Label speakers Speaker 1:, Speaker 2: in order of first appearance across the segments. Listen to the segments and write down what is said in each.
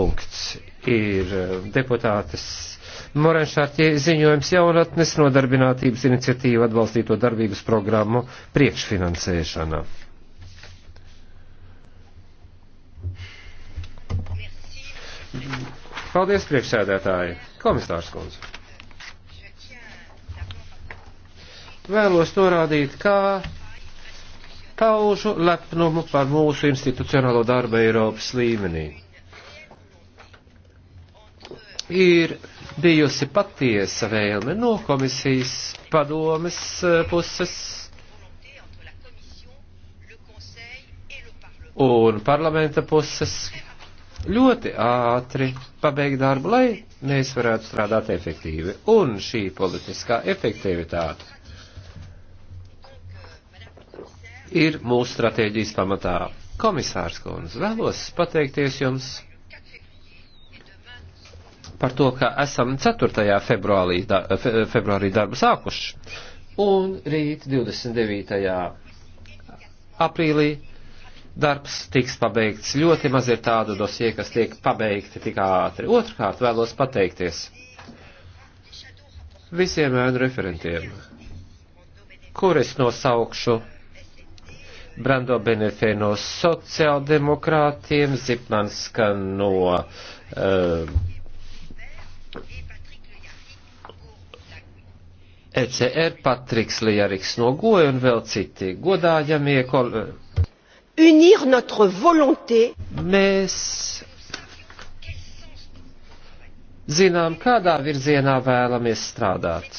Speaker 1: punkts ir eh, deputātes Morenšārķie ziņojums jaunatnes nodarbinātības iniciatīvu atbalstīto darbības programmu priekšfinansēšanā. Paldies, priekšsēdētāji. Komisārs kundze. Vēlos norādīt, kā paužu lepnumu par mūsu institucionālo darbu Eiropas līmenī ir bijusi patiesa vēlme no komisijas padomes eh, puses un parlamenta puses ļoti ātri pabeigt darbu, lai mēs varētu strādāt efektīvi. Un šī politiskā efektivitāte ir mūsu stratēģijas pamatā. Komisārs Kunis, vēlos pateikties jums par to, ka esam 4. februārī, da, fe, februārī darbu sākuši. Un rīt 29. aprīlī darbs tiks pabeigts. Ļoti maz ir tādu dosie, kas tiek pabeigti tik ātri. Otrkārt vēlos pateikties visiem ēnu referentiem, kur es nosaukšu Brando Benefē no sociāldemokrātiem, Zipmanska no uh, ECR, Patriks Lijariks no Goja un vēl citi godājamie kol... Unir notre volonté. Mēs zinām, kādā virzienā vēlamies strādāt.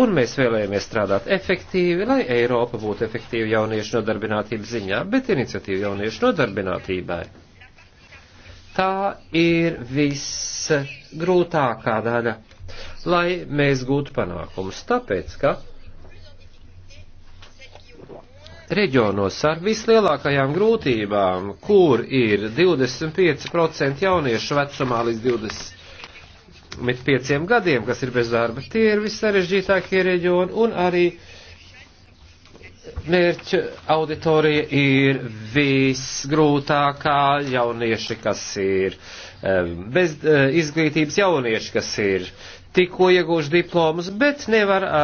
Speaker 1: Un mēs vēlējamies strādāt efektīvi, lai Eiropa būtu efektīva jauniešu nodarbinātības ziņā, bet iniciatīva jauniešu nodarbinātībai. Tā ir visgrūtākā daļa lai mēs gūtu panākumus. Tāpēc, ka reģionos ar vislielākajām grūtībām, kur ir 25% jauniešu vecumā līdz 25 gadiem, kas ir bez darba, tie ir vissarežģītākie reģioni un arī mērķa auditorija ir visgrūtākā jaunieši, kas ir eh, bez eh, izglītības jaunieši, kas ir tikko iegūšu diplomus, bet nevar a,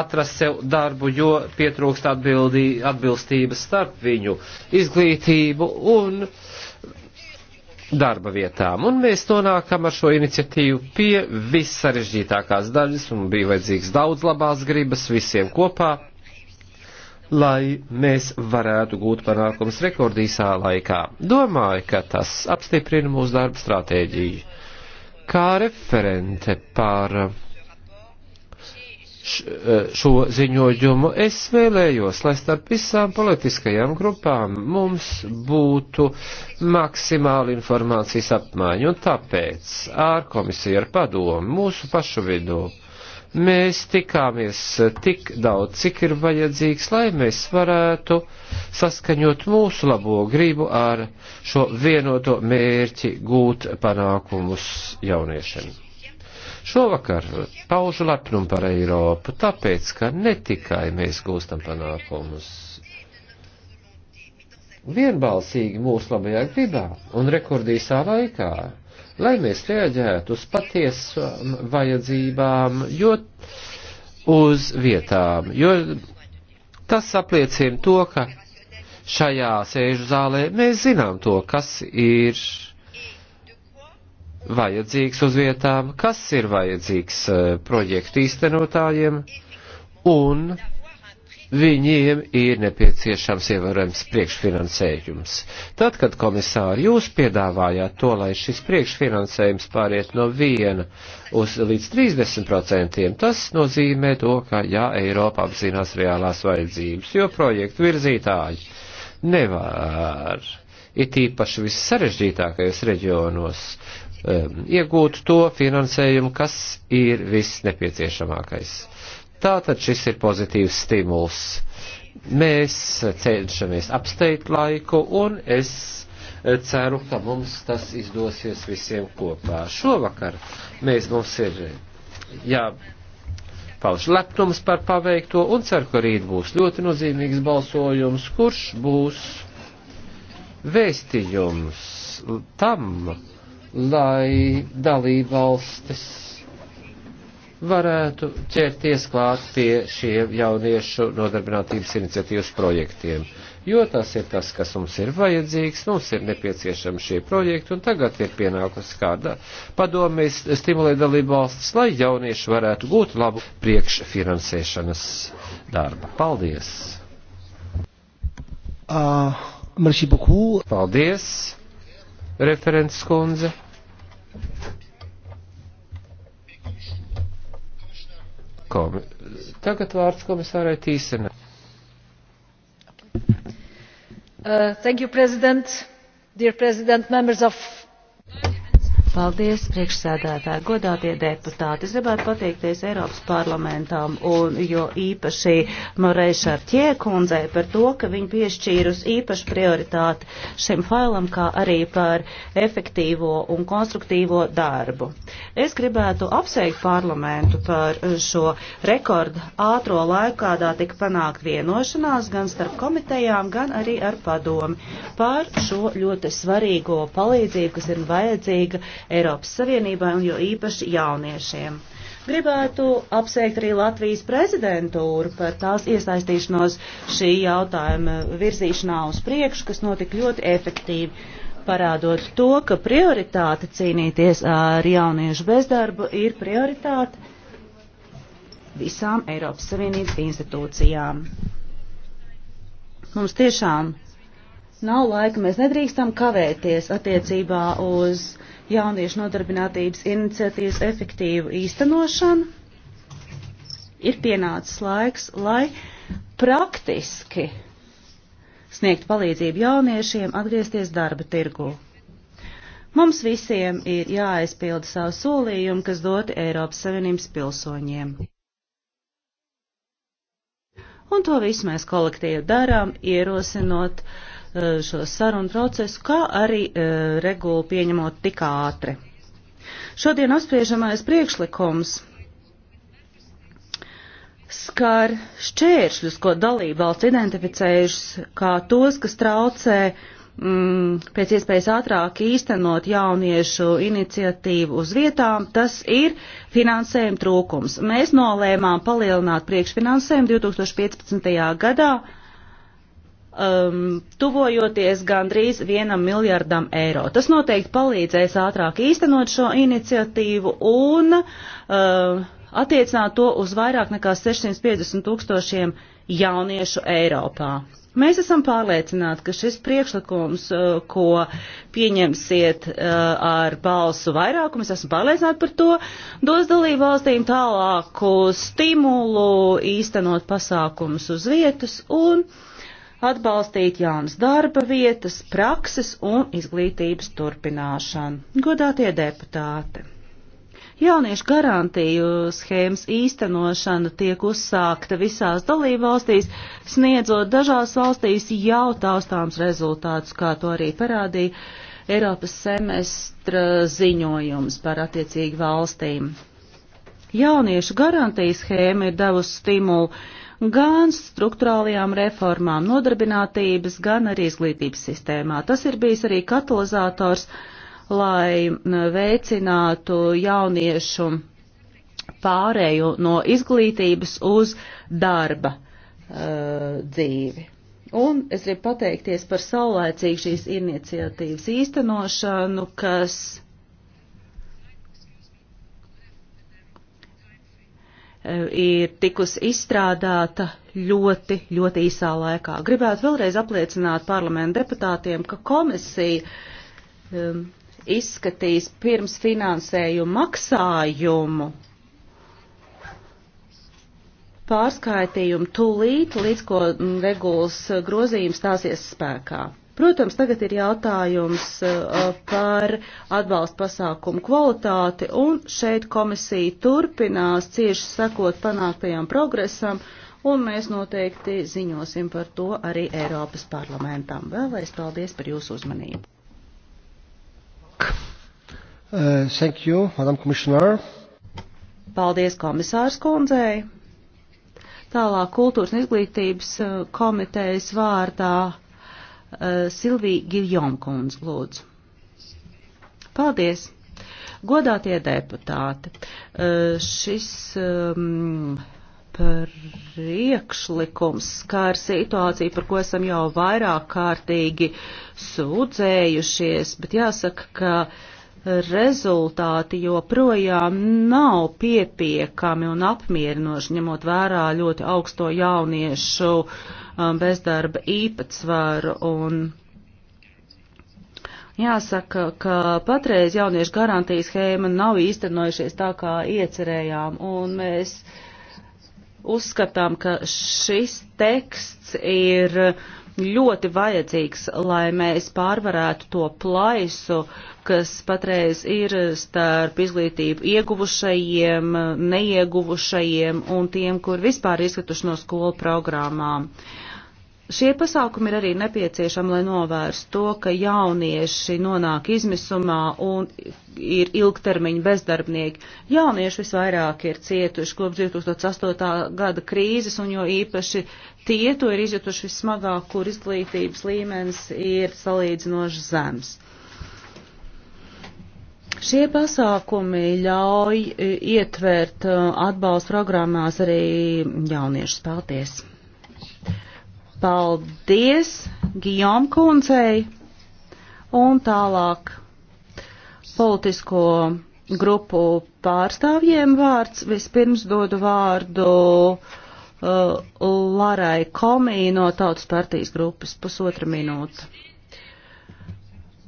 Speaker 1: atrast sev darbu, jo pietrūkst atbildī, atbilstības starp viņu izglītību un darba vietām. Un mēs nonākam ar šo iniciatīvu pie vissarežģītākās daļas, un bija vajadzīgs daudz labās gribas visiem kopā, lai mēs varētu gūt panākums rekordīsā laikā. Domāju, ka tas apstiprina mūsu darba stratēģiju kā referente par uh, uh, šo ziņojumu, es vēlējos, lai starp visām politiskajām grupām mums būtu maksimāli informācijas apmaiņa, un tāpēc ārkomisija ar padomu mūsu pašu vidū Mēs tikāmies tik daudz, cik ir vajadzīgs, lai mēs varētu saskaņot mūsu labo gribu ar šo vienoto mērķi gūt panākumus jauniešiem. Šovakar paužu lepnumu par Eiropu, tāpēc, ka ne tikai mēs gūstam panākumus. Vienbalsīgi mūsu labajā gribā un rekordīsā laikā lai mēs reaģētu uz patiesām vajadzībām, jo uz vietām, jo tas apliecina to, ka šajā sēžu zālē mēs zinām to, kas ir vajadzīgs uz vietām, kas ir vajadzīgs eh, projektu īstenotājiem un viņiem ir nepieciešams ievērojams priekšfinansējums. Tad, kad komisāri jūs piedāvājāt to, lai šis priekšfinansējums pāriet no 1 uz līdz 30%, tas nozīmē to, ka jā, Eiropa apzinās reālās vajadzības, jo projektu virzītāji nevar, it īpaši vissarežģītākajos reģionos, um, iegūt to finansējumu, kas ir viss nepieciešamākais. Tātad šis ir pozitīvs stimuls. Mēs cenšamies apsteigt laiku, un es ceru, ka mums tas izdosies visiem kopā. Šovakar mēs mums ir jāpauž lepnums par paveikto, un ceru, ka rīt būs ļoti nozīmīgs balsojums, kurš būs vēstījums tam, lai dalībvalstis varētu ķerties klāt pie šiem jauniešu nodarbinātības iniciatīvas projektiem, jo tas ir tas, kas mums ir vajadzīgs, mums ir nepieciešami šie projekti, un tagad ir pienākusi kāda padomē stimulēt dalību valstis, lai jaunieši varētu gūt labu priekšfinansēšanas darbu. Paldies! Uh, Paldies, referents kundze! Komi Tagad vārds komisārai Tīsena.
Speaker 2: Uh, thank you, President. Dear President, members of Paldies, priekšsēdētāji, godātie deputāti. Es gribētu pateikties Eiropas parlamentam un jo īpaši Morei Šarķie kundzei par to, ka viņi piešķīrus īpašu prioritāti šim failam, kā arī par efektīvo un konstruktīvo darbu. Es gribētu apsveikt parlamentu par šo rekordu ātro laiku, kādā tika panākt vienošanās gan starp komitejām, gan arī ar padomi par šo ļoti svarīgo palīdzību, kas ir vajadzīga Eiropas Savienībai un jo īpaši jauniešiem. Gribētu apsveikt arī Latvijas prezidentūru par tās iesaistīšanos šī jautājuma virzīšanā uz priekšu, kas notika ļoti efektīvi parādot to, ka prioritāte cīnīties ar jauniešu bezdarbu ir prioritāte visām Eiropas Savienības institūcijām. Mums tiešām nav laika, mēs nedrīkstam kavēties attiecībā uz jauniešu nodarbinātības iniciatīvas efektīvu īstenošanu. Ir pienācis laiks, lai praktiski sniegt palīdzību jauniešiem atgriezties darba tirgū. Mums visiem ir jāaizpilda savu solījumu, kas doti Eiropas Savienības pilsoņiem. Un to visu mēs kolektīvi darām, ierosinot uh, Eh, šo sarunu procesu, kā arī eh, regulu pieņemot tik ātri. Šodien apspriežamais priekšlikums skar šķēršļus, ko dalībvalsts identificējušas kā tos, kas traucē mm, pēc iespējas ātrāk īstenot jauniešu iniciatīvu uz vietām, tas ir finansējuma trūkums. Mēs nolēmām palielināt priekšfinansējumu 2015. gadā um, tuvojoties gandrīz vienam miljardam eiro. Tas noteikti palīdzēs ātrāk īstenot šo iniciatīvu un uh, attiecināt to uz vairāk nekā 650 tūkstošiem jauniešu Eiropā. Mēs esam pārliecināti, ka šis priekšlikums, uh, ko pieņemsiet uh, ar balsu vairākumu, es esmu pārliecināti par to, dos dalību valstīm tālāku stimulu īstenot pasākumus uz vietas un uh, atbalstīt jaunas darba vietas, prakses un izglītības turpināšanu. Godātie deputāti! Jauniešu garantiju schēmas īstenošana tiek uzsākta visās dalībvalstīs, sniedzot dažās valstīs jau taustāms rezultātus, kā to arī parādīja Eiropas semestra ziņojums par attiecīgu valstīm. Jauniešu garantijas schēma ir devusi stimulu uh, gan struktūrālajām reformām, nodarbinātības, gan arī izglītības sistēmā. Tas ir bijis arī katalizators, lai veicinātu jauniešu pārēju no izglītības uz darba uh, dzīvi. Un es gribu pateikties par saulēcīgu šīs iniciatīvas īstenošanu, kas E, ir tikusi izstrādāta ļoti, ļoti īsā laikā. Gribētu vēlreiz apliecināt parlamentu deputātiem, ka komisija um, izskatīs pirms finansējumu maksājumu pārskaitījumu tūlīt, līdz ko regulas grozījums stāsies spēkā. Protams, tagad ir jautājums uh, par atbalstu pasākumu kvalitāti, un šeit komisija turpinās cieši sekot panāktajam progresam, un mēs noteikti ziņosim par to arī Eiropas parlamentam. Vēlreiz paldies par jūsu uzmanību.
Speaker 1: Uh, thank you, Madam Commissioner.
Speaker 2: Paldies komisārs kundzei. Tālāk kultūras un izglītības uh, komitejas vārdā Eh, Silvija Giljomkundz, lūdzu. Paldies! Godātie deputāti, eh, šis um, priekšlikums skār situāciju, par ko esam jau vairāk kārtīgi sūdzējušies, bet jāsaka, ka rezultāti joprojām nav piepiekami un apmierinoši, ņemot vērā ļoti augsto jauniešu uh, Um, bezdarba īpatsvaru. Un jāsaka, ka patreiz jauniešu garantijas schēma nav īstenojušies tā, kā iecerējām, un mēs uzskatām, ka šis teksts ir ļoti vajadzīgs, lai mēs pārvarētu to plaisu, kas patreiz ir starp izglītību ieguvušajiem, neieguvušajiem un tiem, kur vispār izkrituši no skolu programmām. Uh, Šie pasākumi ir arī nepieciešami, lai novērstu to, ka jaunieši nonāk izmisumā un ir ilgtermiņa bezdarbnieki. Jaunieši visvairāk ir cietuši kopš 2008. gada krīzes, un jo īpaši tie to ir izjutuši vismagāk, kur izglītības līmenis ir salīdzinoši zems. Šie pasākumi ļauj e, ietvert e, atbalstu programmās arī jauniešus. Paldies! Paldies Gijom kundzei un tālāk politisko grupu pārstāvjiem vārds. Vispirms dodu vārdu uh, Larai Komī no Tautas partijas grupas pusotra minūte.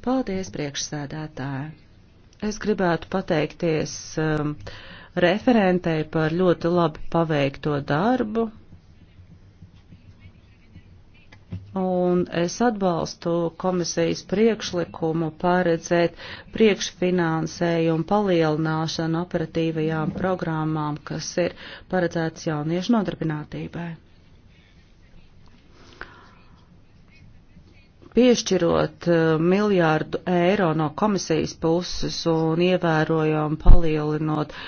Speaker 2: Paldies, priekšsēdētāji. Es gribētu pateikties um, referentei par ļoti labi paveikto darbu un es atbalstu komisijas priekšlikumu paredzēt priekšfinansējumu palielināšanu operatīvajām programmām, kas ir paredzētas jauniešu nodarbinātībai. Piešķirot uh, miljārdu eiro no komisijas puses un ievērojami palielinot uh,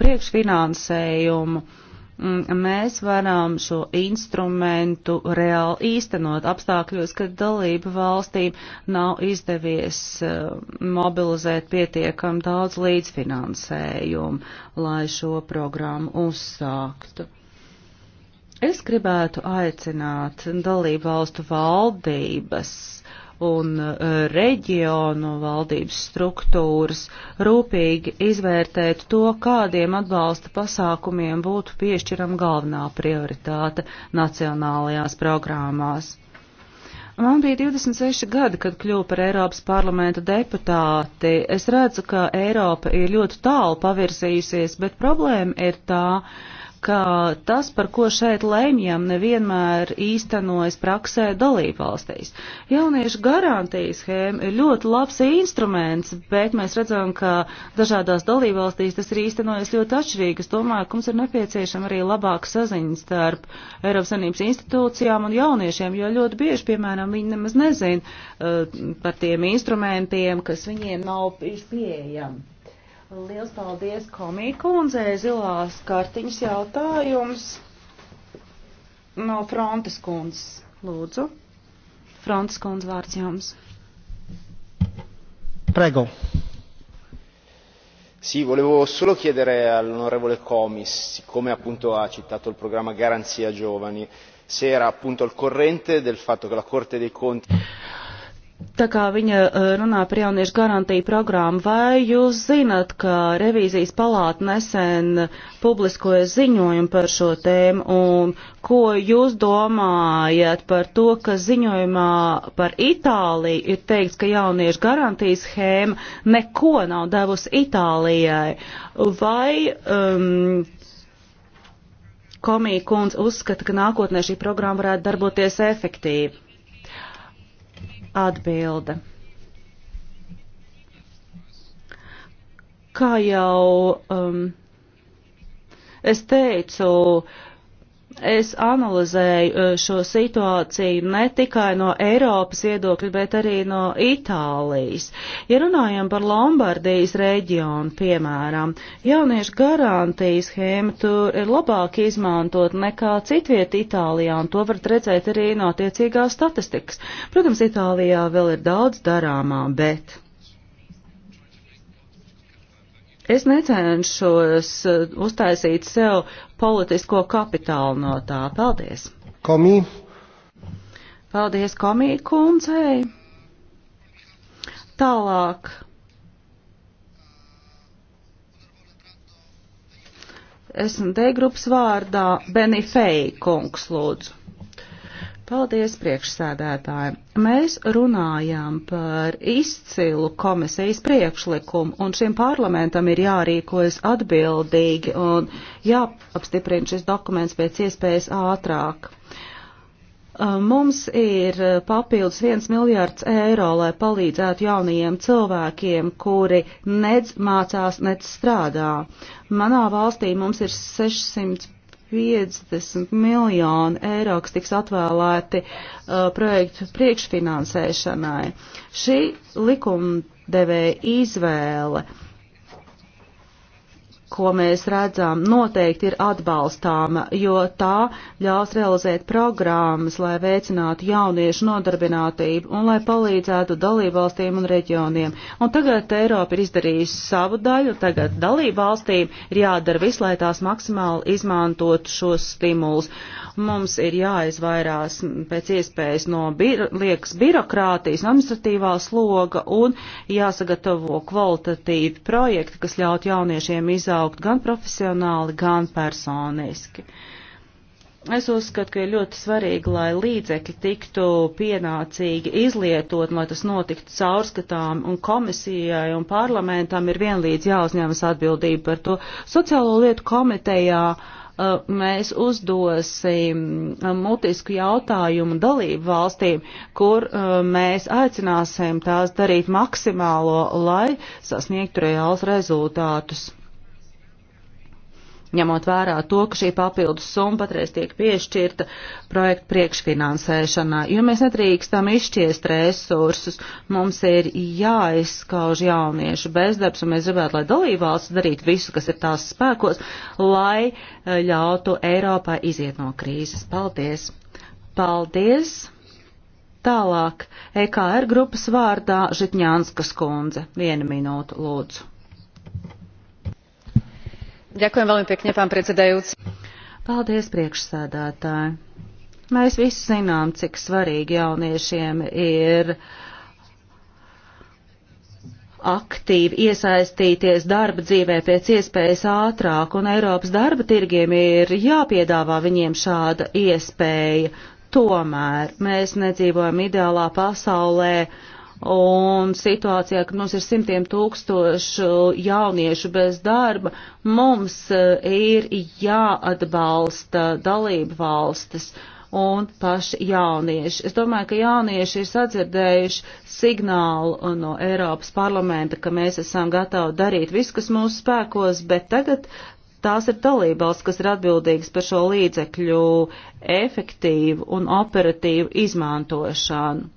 Speaker 2: priekšfinansējumu, uh, Mm, mēs varam šo instrumentu reāli īstenot apstākļos, kad dalību valstīm nav izdevies eh, mobilizēt pietiekam daudz līdzfinansējumu, lai šo programmu uzsāktu. Es gribētu aicināt dalību valstu valdības uh, un eh, reģionu valdības struktūras rūpīgi izvērtēt to, kādiem atbalsta pasākumiem būtu piešķiram galvenā prioritāte nacionālajās programmās. Man bija 26 gadi, kad kļuvu par Eiropas parlamenta deputāti. Es redzu, ka Eiropa ir ļoti tālu pavirzījusies, bet problēma ir tā, ka ka tas, par ko šeit lēmjam, nevienmēr īstenojas praksē dalībvalstīs. Jauniešu garantijas schēma ir ļoti labs instruments, bet mēs redzam, ka dažādās dalībvalstīs tas ir īstenojas ļoti atšķirīgi. Es domāju, ka mums ir nepieciešama arī labāka saziņa starp Eiropas Savienības institūcijām un jauniešiem, jo ļoti bieži, piemēram, viņi nemaz nezin uh, par tiem instrumentiem, kas viņiem nav pieejami. Liels paldies komī kundzei zilās kartiņas jautājums no Frontes kundzes. Lūdzu, Frontes kundze vārds jums.
Speaker 1: Prego. Sì, volevo solo chiedere all'onorevole Comis, siccome appunto ha citato il programma Garanzia Giovani, se era appunto al corrente del fatto che la Corte dei Conti
Speaker 2: Tā kā viņa eh, runā par jauniešu garantiju programmu, vai jūs zinat, ka revīzijas palāta nesen publiskoja ziņojumu par šo tēmu, un ko jūs domājat par to, ka ziņojumā par Itāliju ir teikts, ka jauniešu garantijas schēma neko nav devusi Itālijai? Vai, um, Komija kundze uzskata, ka nākotnē šī programma varētu darboties efektīvi. Atbilde. Kā jau um, es teicu, uh, Es analizēju eh, šo situāciju ne tikai no Eiropas viedokļa, bet arī no Itālijas. Ja runājam par Lombardijas reģionu, piemēram, jauniešu garantijas schēma tur ir labāk izmantot nekā citviet Itālijā, un to var redzēt arī no tiecīgās statistikas. Protams, Itālijā vēl ir daudz darāmā, bet. Es necenšos uh, uztaisīt sev politisko kapitālu no tā. Paldies! Komī! Paldies, komī kundzei! Tālāk. SD grupas vārdā Benifei kungs lūdzu. Paldies priekšsēdētājiem. Mēs runājām par izcilu komisijas priekšlikumu, un šim parlamentam ir jārīkojas atbildīgi un jāapstiprina šis dokuments pēc iespējas ātrāk. Mums ir papildus viens miljārds eiro, lai palīdzētu jaunajiem cilvēkiem, kuri nedz mācās, nedz strādā. Manā valstī mums ir 600 50 miljoni eiro, kas tiks atvēlēti uh, projektu priekšfinansēšanai. Šī likumdevēja izvēle uh, ko mēs redzam, noteikti ir atbalstāma, jo tā ļaus realizēt programmas, lai veicinātu jauniešu nodarbinātību un lai palīdzētu dalībvalstīm un reģioniem. Un tagad Eiropa ir izdarījusi savu daļu, tagad dalībvalstīm ir jādara viss, lai tās maksimāli izmantotu šos stimulus. Mums ir jāizvairās pēc iespējas no bir liekas birokrātijas, no administratīvā sloga un jāsagatavo kvalitatīvi projekti, kas ļaut jauniešiem izaugt gan profesionāli, gan personiski. Es uzskatu, ka ir ļoti svarīgi, lai līdzekļi tiktu pienācīgi izlietot, lai tas notiktu caurskatām, un komisijai un parlamentam ir vienlīdz jāuzņemas atbildība par to. Sociālo lietu komitejā Uh, mēs uzdosim uh, mutisku jautājumu dalību valstīm, kur uh, mēs aicināsim tās darīt maksimālo, lai sasniegtu reāls rezultātus ņemot vērā to, ka šī papildus summa patreiz tiek piešķirta projektu priekšfinansēšanā, jo mēs netrīkstam izšķiest resursus, mums ir jāizskauž jauniešu bezdarbs, un mēs gribētu, lai dalībvalsts darītu visu, kas ir tās spēkos, lai eh, ļautu Eiropā iziet no krīzes. Paldies! Paldies! Tālāk EKR grupas vārdā Žitņānskas kundze. Vienu minūtu lūdzu. Ďakujem veľmi pekne, pán predsedajúci. Paldies, priekšsēdētāji. Mēs visi zinām, cik svarīgi jauniešiem ir aktīvi iesaistīties darba dzīvē pēc iespējas ātrāk, un Eiropas darba tirgiem ir jāpiedāvā viņiem šāda iespēja. Tomēr mēs nedzīvojam ideālā pasaulē, un situācijā, kad mums ir simtiem tūkstošu jauniešu bez darba, mums eh, ir jāatbalsta dalību valstis un paši jaunieši. Es domāju, ka jaunieši ir sadzirdējuši signālu no Eiropas parlamenta, ka mēs esam gatavi darīt visu, kas mūsu spēkos, bet tagad tās ir dalībvalsts, kas ir atbildīgas par šo līdzekļu efektīvu un operatīvu izmantošanu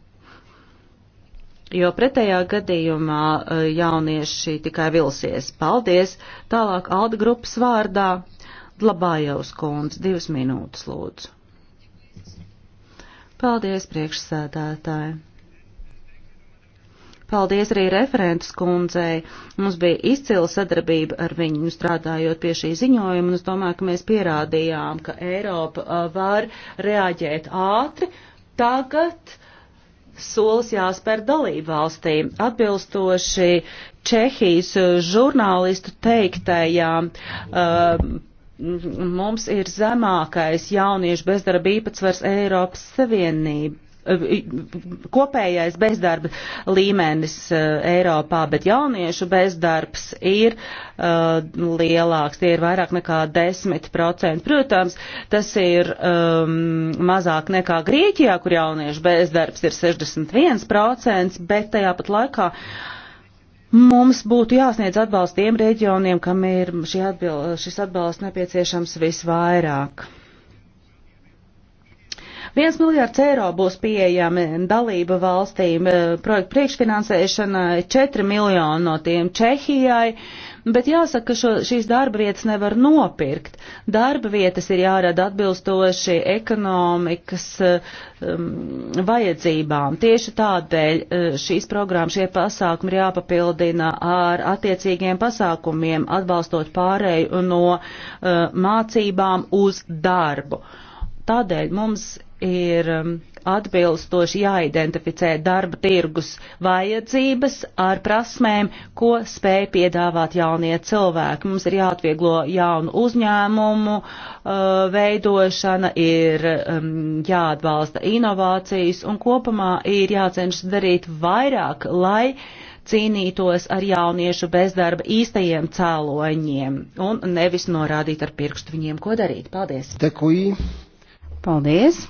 Speaker 2: jo pretējā gadījumā e, jaunieši tikai vilsies. Paldies! Tālāk Alda grupas vārdā Dlabājevs kundze, divas minūtes lūdzu. Paldies, priekšsēdētāji! Paldies arī referentas kundzei. Mums bija izcila sadarbība ar viņu strādājot pie šī ziņojuma, un es domāju, ka mēs pierādījām, ka Eiropa e, var reaģēt ātri tagad solis jāspēr dalību valstīm. Atbilstoši Čehijas žurnālistu teiktajām, uh, mums ir zemākais jauniešu bezdarba īpatsvars Eiropas Savienība, Eh, kopējais bezdarba līmenis eh, Eiropā, bet jauniešu bezdarbs ir uh, lielāks, tie ir vairāk nekā 10%. Protams, tas ir um, mazāk nekā Grieķijā, kur jauniešu bezdarbs ir 61%, bet tajā pat laikā mums būtu jāsniedz atbalsts tiem reģioniem, kam ir atbil šis atbalsts nepieciešams visvairāk. Viens miljārds eiro būs pieejami dalība valstīm eh, projektu priekšfinansēšanai, 4 miljoni no tiem Čehijai, bet jāsaka, ka šo, šīs darba vietas nevar nopirkt. Darba vietas ir jārada atbilstoši ekonomikas eh, um, vajadzībām. Tieši tādēļ eh, šīs programmas, šie pasākumi ir jāpapildina ar attiecīgiem pasākumiem, atbalstot pārēju no uh, mācībām uz darbu. Tādēļ mums ir um, atbilstoši jāidentificē darba tirgus vajadzības ar prasmēm, ko spēj piedāvāt jaunie cilvēki. Mums ir jāatvieglo jaunu uzņēmumu uh, veidošana, ir um, jāatbalsta inovācijas un kopumā ir jācenšas darīt vairāk, lai cīnītos ar jauniešu bezdarba īstajiem cēloņiem un nevis norādīt ar pirkstu viņiem,
Speaker 3: ko darīt. Paldies! Dekuji. Paldies!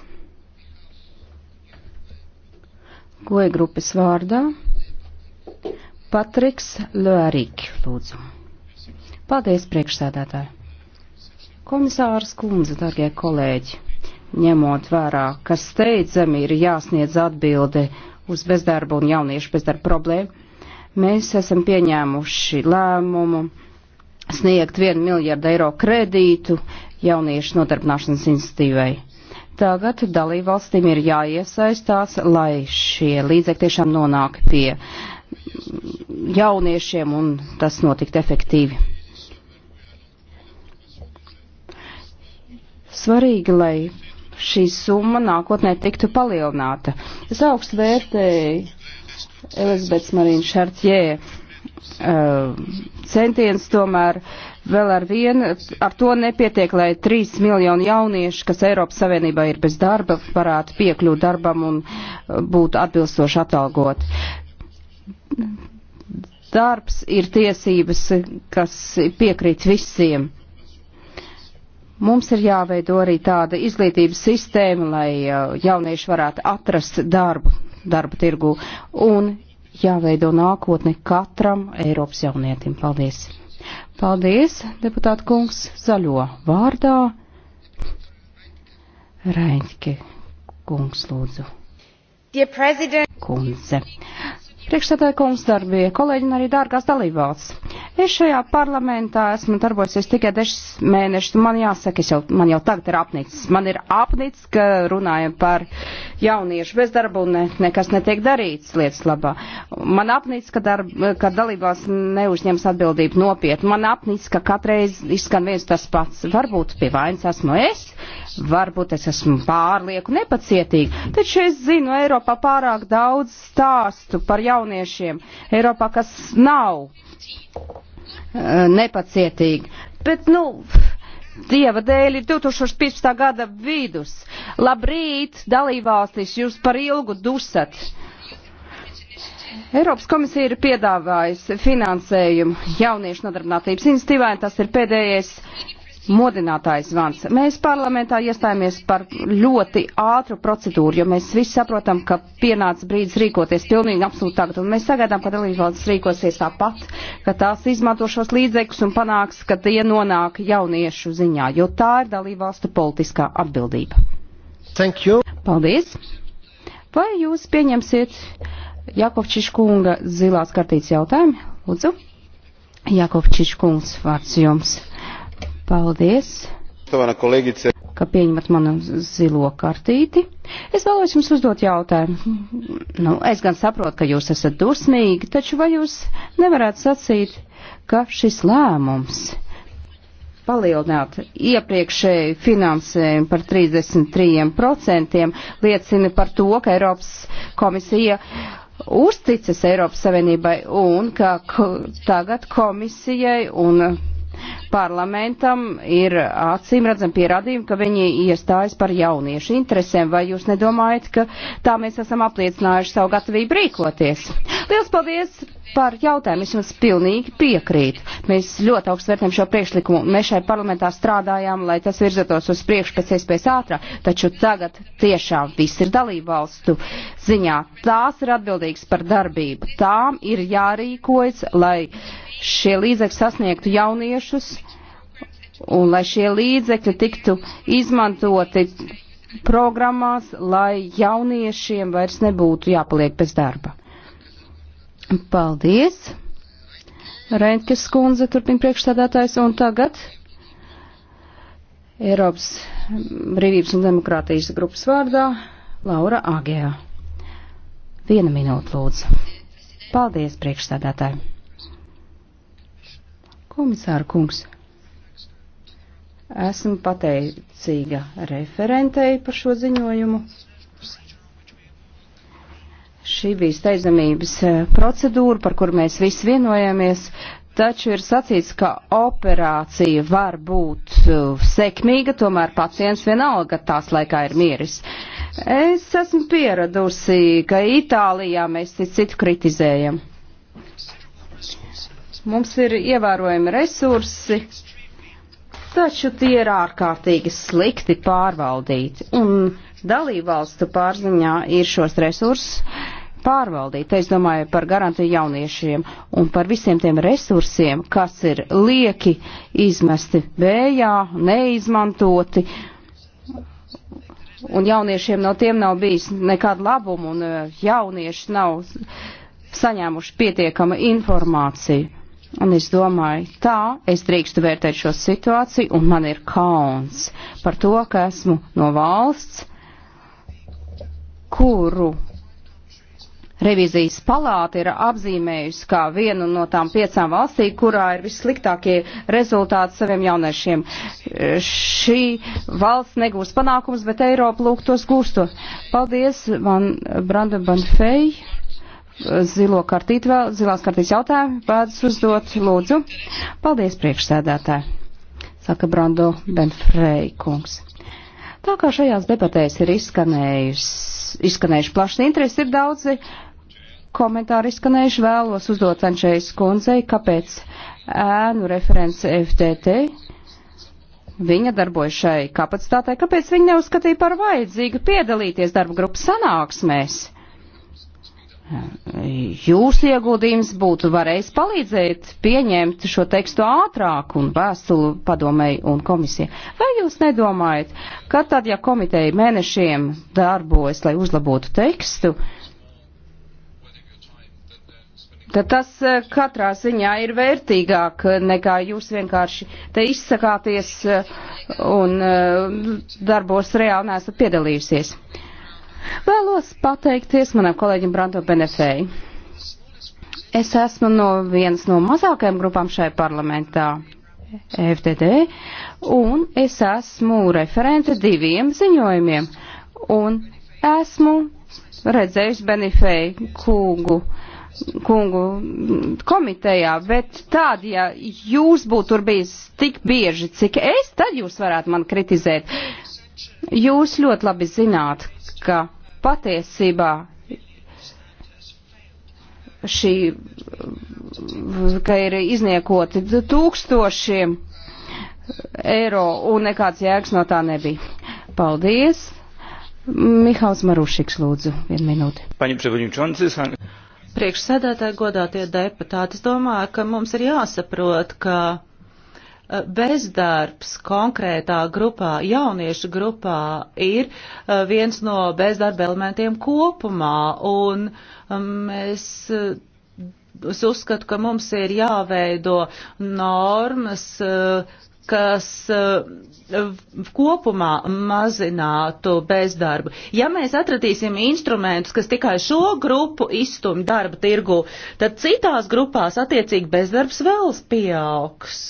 Speaker 3: goja grupas vārdā Patriks Lorīk, lūdzu. Paldies, priekšsēdētāji. Komisārs kundze, darbie kolēģi, ņemot vērā, ka steidzami ir jāsniedz atbildi uz bezdarbu un jauniešu bezdarbu problēmu, mēs esam pieņēmuši lēmumu sniegt 1 miljardu eiro kredītu jauniešu nodarbināšanas institīvai Tagad dalībvalstīm ir jāiesaistās, lai šie līdzekļi tiešām nonāk pie jauniešiem un tas notikt efektīvi. Svarīgi, lai šī summa nākotnē tiktu palielināta. Es augstu vērtēju Elizabetes Marīnu Šartjē uh, centiens tomēr uh, Vēl ar vienu, ar to nepietiek, lai 3 miljoni jauniešu, kas Eiropas Savienībā ir bez darba, varētu piekļūt darbam un uh, būtu atbilstoši atalgot. Darbs ir tiesības, kas piekrīt visiem. Mums ir jāveido arī tāda izglītības sistēma, lai uh, jaunieši varētu atrast darbu, darba tirgu un jāveido nākotne katram Eiropas jaunietim. Paldies! Paldies, deputāta kungs, zaļo vārdā. Rēņķi kungs lūdzu. Kundze. Priekšstādākums darbie kolēģi un arī dārgās dalībvalsts. Es šajā parlamentā esmu darbojusies tikai dažas mēnešus, un man jāsaka, es jau, man jau tagad ir apnicis. Man ir apnicis, ka runājam par jauniešu bezdarbu un ne, nekas netiek darīts lietas labā. Man apnicis, ka, darb, ka dalībās neuzņems atbildību nopietni. Man apnicis, ka katreiz izskan viens tas pats. Varbūt pie vainas esmu es, varbūt es esmu pārlieku nepacietīga, taču es zinu Eiropā pārāk daudz stāstu par jauniešu jauniešiem Eiropā, kas nav eh, nepacietīgi. Bet, nu, Dieva dēļ ir 2015. gada vidus. Labrīt, dalībvalstis, jūs par ilgu dusat. Eiropas komisija ir piedāvājusi finansējumu jauniešu nodarbinātības institīvai, un tas ir pēdējais modinātājs zvans. Mēs parlamentā iestājāmies par ļoti ātru procedūru, jo mēs visi saprotam, ka pienāca brīdis rīkoties pilnīgi absolūti tagad, un mēs sagaidām, ka dalībvalstis rīkosies tāpat, ka tās izmanto šos līdzekļus un panāks, ka tie nonāk jauniešu ziņā, jo tā ir dalībvalstu politiskā atbildība. Thank you. Paldies. Vai jūs pieņemsiet Jakovčiškunga zilās kartītes jautājumu? Lūdzu. Jakovčiškungs, vārds jums. Paldies, ka pieņemat manu zilo kartīti. Es vēlos jums uzdot jautājumu. Nu, es gan saprotu, ka jūs esat dusmīgi, taču vai jūs nevarētu sacīt, ka šis lēmums palielināt iepriekšēju finansējumu par 33% liecina par to, ka Eiropas komisija uzticas Eiropas Savienībai un ka tagad komisijai un Parlamentam ir acīm redzam pierādījumi, ka viņi iestājas par jauniešu interesēm. Vai jūs nedomājat, ka tā mēs esam apliecinājuši savu gatavību rīkoties? Liels paldies par jautājumu. Es jums pilnīgi piekrītu. Mēs ļoti augstu vērtējam šo priekšlikumu. Mēs šai parlamentā strādājām, lai tas virzotos uz priekšu pēc iespējas ātrāk. Taču tagad tiešām viss ir dalībvalstu ziņā. Tās ir atbildīgas par darbību. Tām ir jārīkojas, lai šie līdzekļi sasniegtu jauniešus un lai šie līdzekļi tiktu izmantoti programmās, lai jauniešiem vairs nebūtu jāpaliek bez darba. Paldies! Rēnkes skundze turpina priekšstādātājs un tagad Eiropas brīvības un demokrātijas grupas vārdā Laura Agējā. Viena minūte lūdzu. Paldies priekšstādātājai! Komisāra kungs, esmu pateicīga referentei par šo ziņojumu. Šī bija steidzamības eh, procedūra, par kuru mēs visi vienojamies, taču ir sacīts, ka operācija var būt eh, sekmīga, tomēr pacients vienalga tās laikā ir mieris. Es esmu pieradusi, ka Itālijā mēs citu kritizējam. Mums ir ievērojami resursi, taču tie ir ārkārtīgi slikti pārvaldīti. Un dalībvalstu pārziņā ir šos resursus pārvaldīt. Es domāju par garantiju jauniešiem un par visiem tiem resursiem, kas ir lieki izmesti vējā, neizmantoti. Un jauniešiem no tiem nav bijis nekāda labuma, un eh, jaunieši nav saņēmuši pietiekama informācija Un es domāju, tā es drīkstu vērtēt šo situāciju, un man ir kauns par to, ka esmu no valsts, kuru revizijas palāta ir apzīmējusi kā vienu no tām piecām valstī, kurā ir vissliktākie rezultāti saviem jauniešiem. Šī valsts negūs panākums, bet Eiropa lūk tos gūsto. Paldies, man Branda Banfei zilo kartīti vēl, zilās kartītes jautājumu, vārds uzdot, lūdzu. Paldies, priekšsēdētāji, saka Brando Benfrei kungs. Tā kā šajās debatēs ir izskanējuši plašs interesi, ir daudzi komentāri izskanējuši, vēlos uzdot Ančējas kundzei, kāpēc ēnu referents FTT Viņa darbojas šai kapacitātei, kāpēc viņa neuzskatīja par vajadzīgu piedalīties darba grupas sanāksmēs? jūsu ieguldījums būtu varējis palīdzēt pieņemt šo tekstu ātrāk un vēstuli padomēji un komisijai. Vai jūs nedomājat, ka tad, ja komiteja mēnešiem darbojas, lai uzlabotu tekstu, tad tas e, katrā ziņā ir vērtīgāk nekā jūs vienkārši te izsakāties e, un e, darbos reāli neesat piedalījusies? Vēlos pateikties manam kolēģim Branto Benefei. Es esmu no vienas no mazākajām grupām šai parlamentā, FTD, un es esmu referente diviem ziņojumiem, un esmu redzējusi Benefei kungu kungu komitejā, bet tād, ja jūs būtu tur bijis tik bieži, cik es, tad jūs varētu man kritizēt. Jūs ļoti labi zināt, ka patiesībā šī, ka ir izniekoti tūkstošiem eiro un nekāds jēgas no tā nebija. Paldies! Mihāls Marušiks lūdzu, vienu
Speaker 2: minūti. Priekšsēdētāji, godātie deputāti, es domāju, ka mums ir jāsaprot, ka Eh, bezdarbs konkrētā grupā, jauniešu grupā, ir eh, viens no bezdarba elementiem kopumā, un eh, mēs es uzskatu, ka mums ir jāveido normas, kas kopumā mazinātu bezdarbu. Ja mēs atradīsim instrumentus, kas tikai šo grupu izstumj darba tirgu, tad citās grupās attiecīgi bezdarbs vēl pieaugs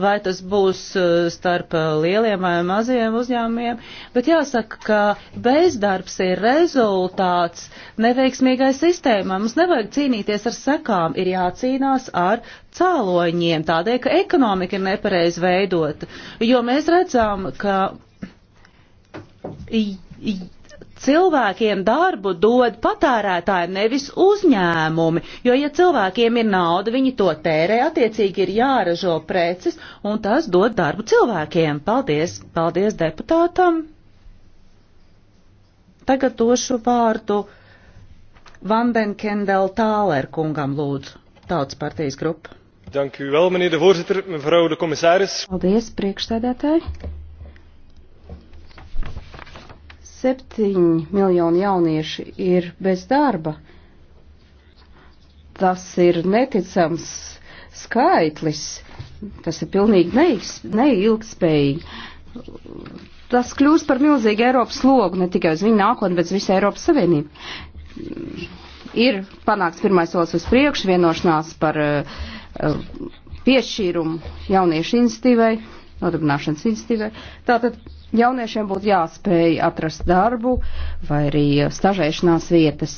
Speaker 2: vai tas būs eh, starp eh, lieliem vai maziem uzņēmumiem, bet jāsaka, ka bezdarbs ir rezultāts neveiksmīgai sistēmai. Mums nevajag cīnīties ar sekām, ir jācīnās ar cāloņiem, tādēļ, ka ekonomika ir nepareiz veidota, jo mēs redzam, ka cilvēkiem darbu dod patērētāji, nevis uzņēmumi. Jo, ja cilvēkiem ir nauda, viņi to tērē, attiecīgi ir jāražo preces, un tas dod darbu cilvēkiem. Paldies, paldies deputātam. Tagad došu vārdu Vandenkendel Tāler kungam lūdzu, tautas partijas grupa.
Speaker 1: Dank u wel, meneer de voorzitter, mevrouw de commissaris.
Speaker 3: Paldies, priekšsēdētāji. Septiņi miljoni jaunieši ir bez darba. Tas ir neticams skaitlis. Tas ir pilnīgi neilgspējīgi. Tas kļūst par milzīgu Eiropas slogu, ne tikai uz viņu nākotni, bet uz visu Eiropas Savienību. Ir panākts pirmais solis uz priekšu, vienošanās par uh, piešķīrumu jauniešu institīvai, nodarbināšanas institīvai. Tātad jauniešiem būtu jāspēj atrast darbu vai arī stažēšanās vietas.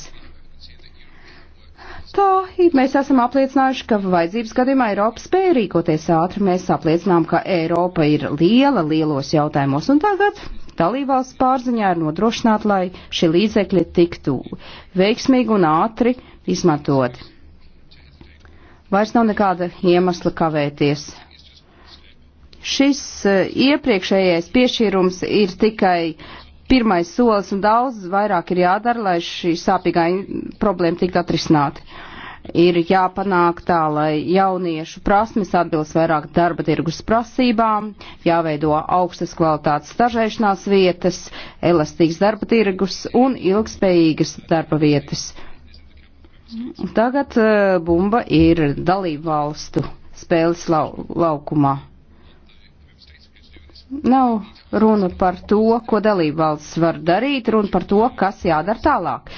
Speaker 3: Tā mēs esam apliecinājuši, ka vajadzības gadījumā Eiropa spēja rīkoties ātri. Mēs apliecinām, ka Eiropa ir liela lielos jautājumos, un tagad dalībvalsts pārziņā ir nodrošināt, lai šie līdzekļi tiktu veiksmīgi un ātri izmantoti. Vairs nav nekāda iemesla kavēties. Šis e, iepriekšējais piešķīrums ir tikai pirmais solis un daudz vairāk ir jādara, lai šī sāpīgā problēma tiktu atrisināta. Ir jāpanāk tā, lai jauniešu prasmes atbilst vairāk darba tirgus prasībām, jāveido augstas kvalitātes stažēšanās vietas, elastīgs darba tirgus un ilgspējīgas darba vietas. Tagad e, bumba ir dalību valstu spēles lau laukumā. Nav runa par to, ko dalībvalsts var darīt, runa par to, kas jādara tālāk.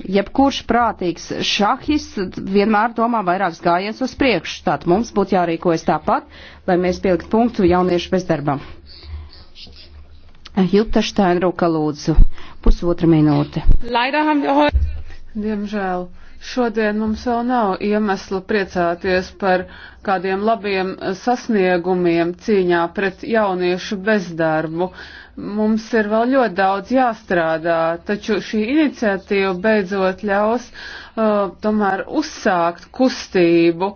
Speaker 3: Jebkurš prātīgs šahis vienmēr domā vairākas gājienas uz priekšu, tātad mums būtu jārīkojas tāpat, lai mēs pielikt punktu jauniešu bezdarbam. Jutta Steinruka lūdzu, pusotra minūte.
Speaker 4: Diemžēl Šodien mums vēl nav iemesla priecāties par kādiem labiem sasniegumiem cīņā pret jauniešu bezdarbu. Mums ir vēl ļoti daudz jāstrādā, taču šī iniciatīva beidzot ļaus uh, tomēr uzsākt kustību.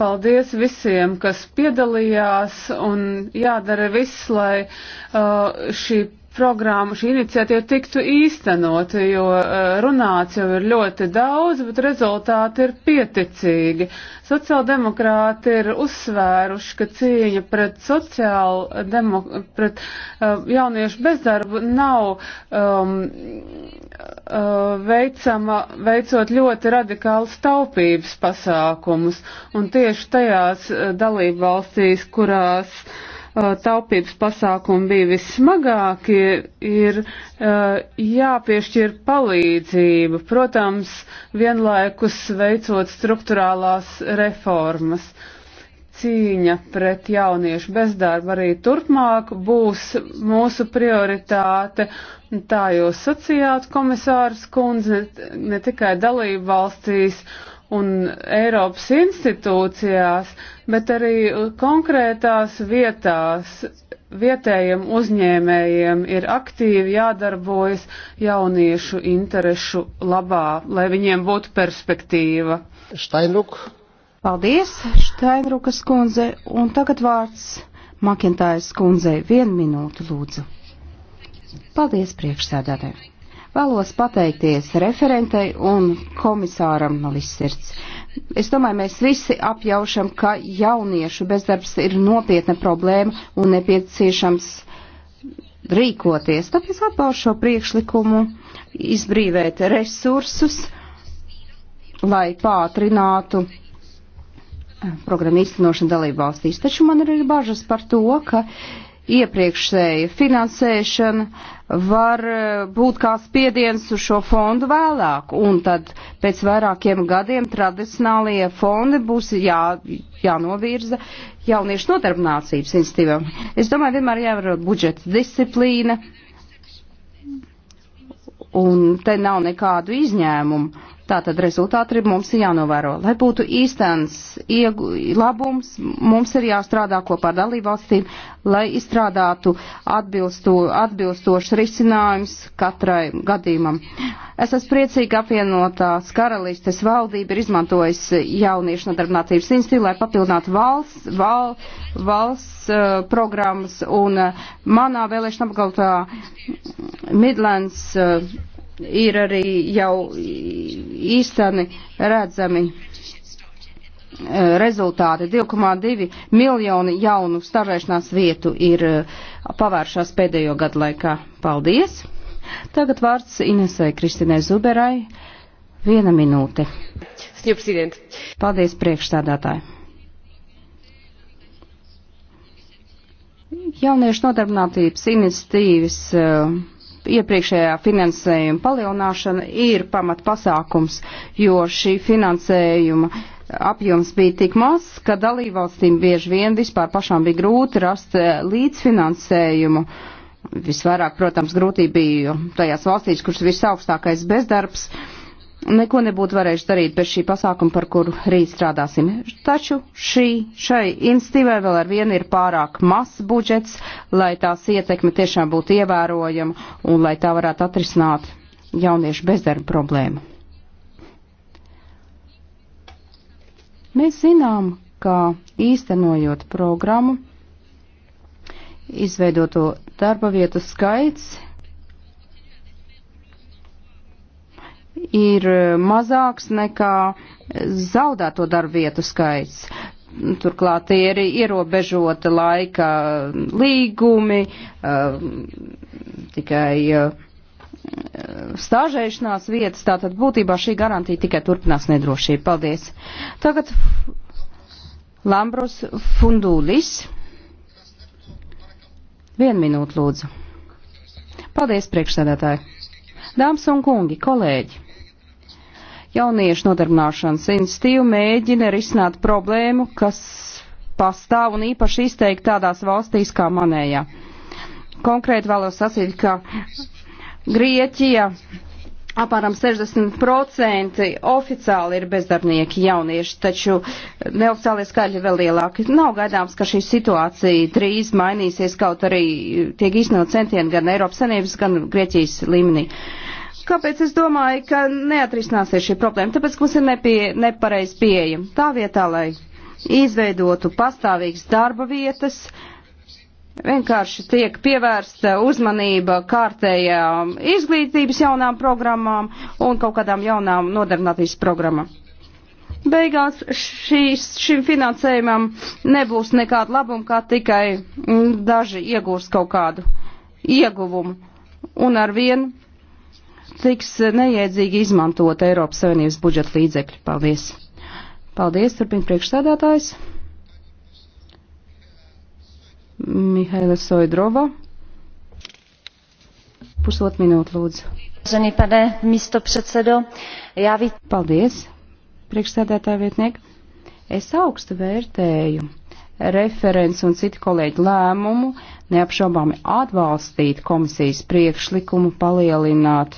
Speaker 4: Paldies visiem, kas piedalījās un jādara viss, lai uh, šī programma, šī iniciatīva tiktu īstenot, jo eh, runāts jau ir ļoti daudz, bet rezultāti ir pieticīgi. Sociāldemokrāti ir uzsvēruši, ka cīņa pret sociālu, demo, pret uh, jauniešu bezdarbu nav um, uh, veicama, veicot ļoti radikālus taupības pasākumus. Un tieši tajās dalībvalstīs, kurās uh, Uh, taupības pasākumi bija vissmagākie, ir uh, jāpiešķir palīdzība, protams, vienlaikus veicot struktūrālās reformas. Cīņa pret jauniešu bezdarbu arī turpmāk būs mūsu prioritāte. Tā jūs sacījāt, komisārs kundze, ne, ne tikai dalību valstīs, uh, un Eiropas institūcijās, bet arī konkrētās vietās vietējiem uzņēmējiem ir aktīvi jādarbojas jauniešu interešu labā, lai viņiem būtu perspektīva. Štainruk.
Speaker 3: Paldies, Štainrukas kundze, un tagad vārds Makintājas kundzei. Vienu minūti, lūdzu. Paldies, priekšsēdētāji. Vēlos pateikties referentei un komisāram no viss sirds. Es domāju, mēs visi apjaušam, ka jauniešu bezdarbs ir nopietna problēma un nepieciešams rīkoties. Tāpēc atbalstu šo priekšlikumu izbrīvēt resursus, lai pātrinātu programmu īstenošanu dalību valstīs. Taču man ir bažas par to, ka uh, iepriekšēja finansēšana var eh, būt kā spiediens uz šo fondu vēlāk, un tad pēc vairākiem gadiem tradicionālie fondi būs jā, jānovirza jauniešu nodarbinācības institīvam. Es domāju, vienmēr jāvar budžeta disciplīna, un te nav nekādu izņēmumu. Tātad rezultāti ir mums jānovēro. Lai būtu īstens iegu, labums, mums ir jāstrādā kopā ar dalībvalstīm, lai izstrādātu atbilsto, atbilstošs risinājums katrai gadījumam. Es esmu priecīgi apvienotās karalistes valdība ir izmantojis jauniešu nodarbinātības institūtu, lai papildinātu valsts, val, valsts uh, programmas un uh, manā vēlēšana apgaltā Midlands. Uh, ir arī jau īsteni redzami e, rezultāti. 2,2 miljoni jaunu starvēšanās vietu ir e, pavēršās pēdējo gadu laikā. Paldies! Tagad vārds Inesai Kristinai Zuberai. Viena minūte. Paldies priekšstādātāji! Jauniešu nodarbinātības iniciatīvas uh, iepriekšējā finansējuma palielināšana ir pamatpasākums, jo šī finansējuma apjoms bija tik mazs, ka dalībvalstīm bieži vien vispār pašām bija grūti rast eh, līdzfinansējumu. Visvairāk, protams, grūtība bija tajās valstīs, kuras visaugstākais bezdarbs. Uh, neko nebūtu varējuši darīt bez šī pasākuma, par kuru rīt strādāsim. Taču šī, šai institīvai vēl ar vienu ir pārāk mazs budžets, lai tās ietekme tiešām būtu ievērojama un lai tā varētu atrisināt jauniešu bezdarba problēmu. Mēs zinām, ka īstenojot programmu, izveidoto darba vietu skaits ir e, mazāks nekā zaudēto darbu vietu skaits. Turklāt tie ir ierobežota laika līgumi, e, tikai e, stāžēšanās vietas, tātad būtībā šī garantija tikai turpinās nedrošību. Paldies. Tagad Lambros Fundulis. Vienu minūtu lūdzu. Paldies, priekšsēdētāji. Dāmas un kungi, kolēģi. Jauniešu nodarbināšanas institīva mēģina risināt problēmu, kas pastāv un īpaši izteikti tādās valstīs kā manējā. Konkrēti vēlos sacīt, ka Grieķija apmēram 60% oficiāli ir bezdarbnieki jaunieši, taču neoficiālie skaļi vēl lielāki. Nav gaidāms, ka šī situācija drīz mainīsies, kaut arī tiek īstenot centieni gan Eiropas Sanības, gan Grieķijas līmenī. Uh, Kāpēc es domāju, ka neatrisināsies šī problēma? Tāpēc, ka mums ir nepie, nepareiz pieeja. Tā vietā, lai izveidotu pastāvīgas darba vietas, vienkārši tiek pievērsta uzmanība kārtējām izglītības jaunām programmām un kaut kādām jaunām nodarbinātības programmām. Beigās šīs, šim finansējumam nebūs nekāda labuma, kā tikai daži iegūs kaut kādu ieguvumu. Un ar vienu tiks neiedzīgi izmantot Eiropas Savienības budžeta līdzekļi. Paldies! Paldies, turpina priekšstādātājs. Mihaila Soidrova. Pusot minūte, lūdzu. Ženī, pane, misto predsedo, jā, vi... Paldies, priekšstādātāja vietniek. Es augstu vērtēju referents un citu kolēģu lēmumu neapšaubāmi atbalstīt komisijas priekšlikumu palielināt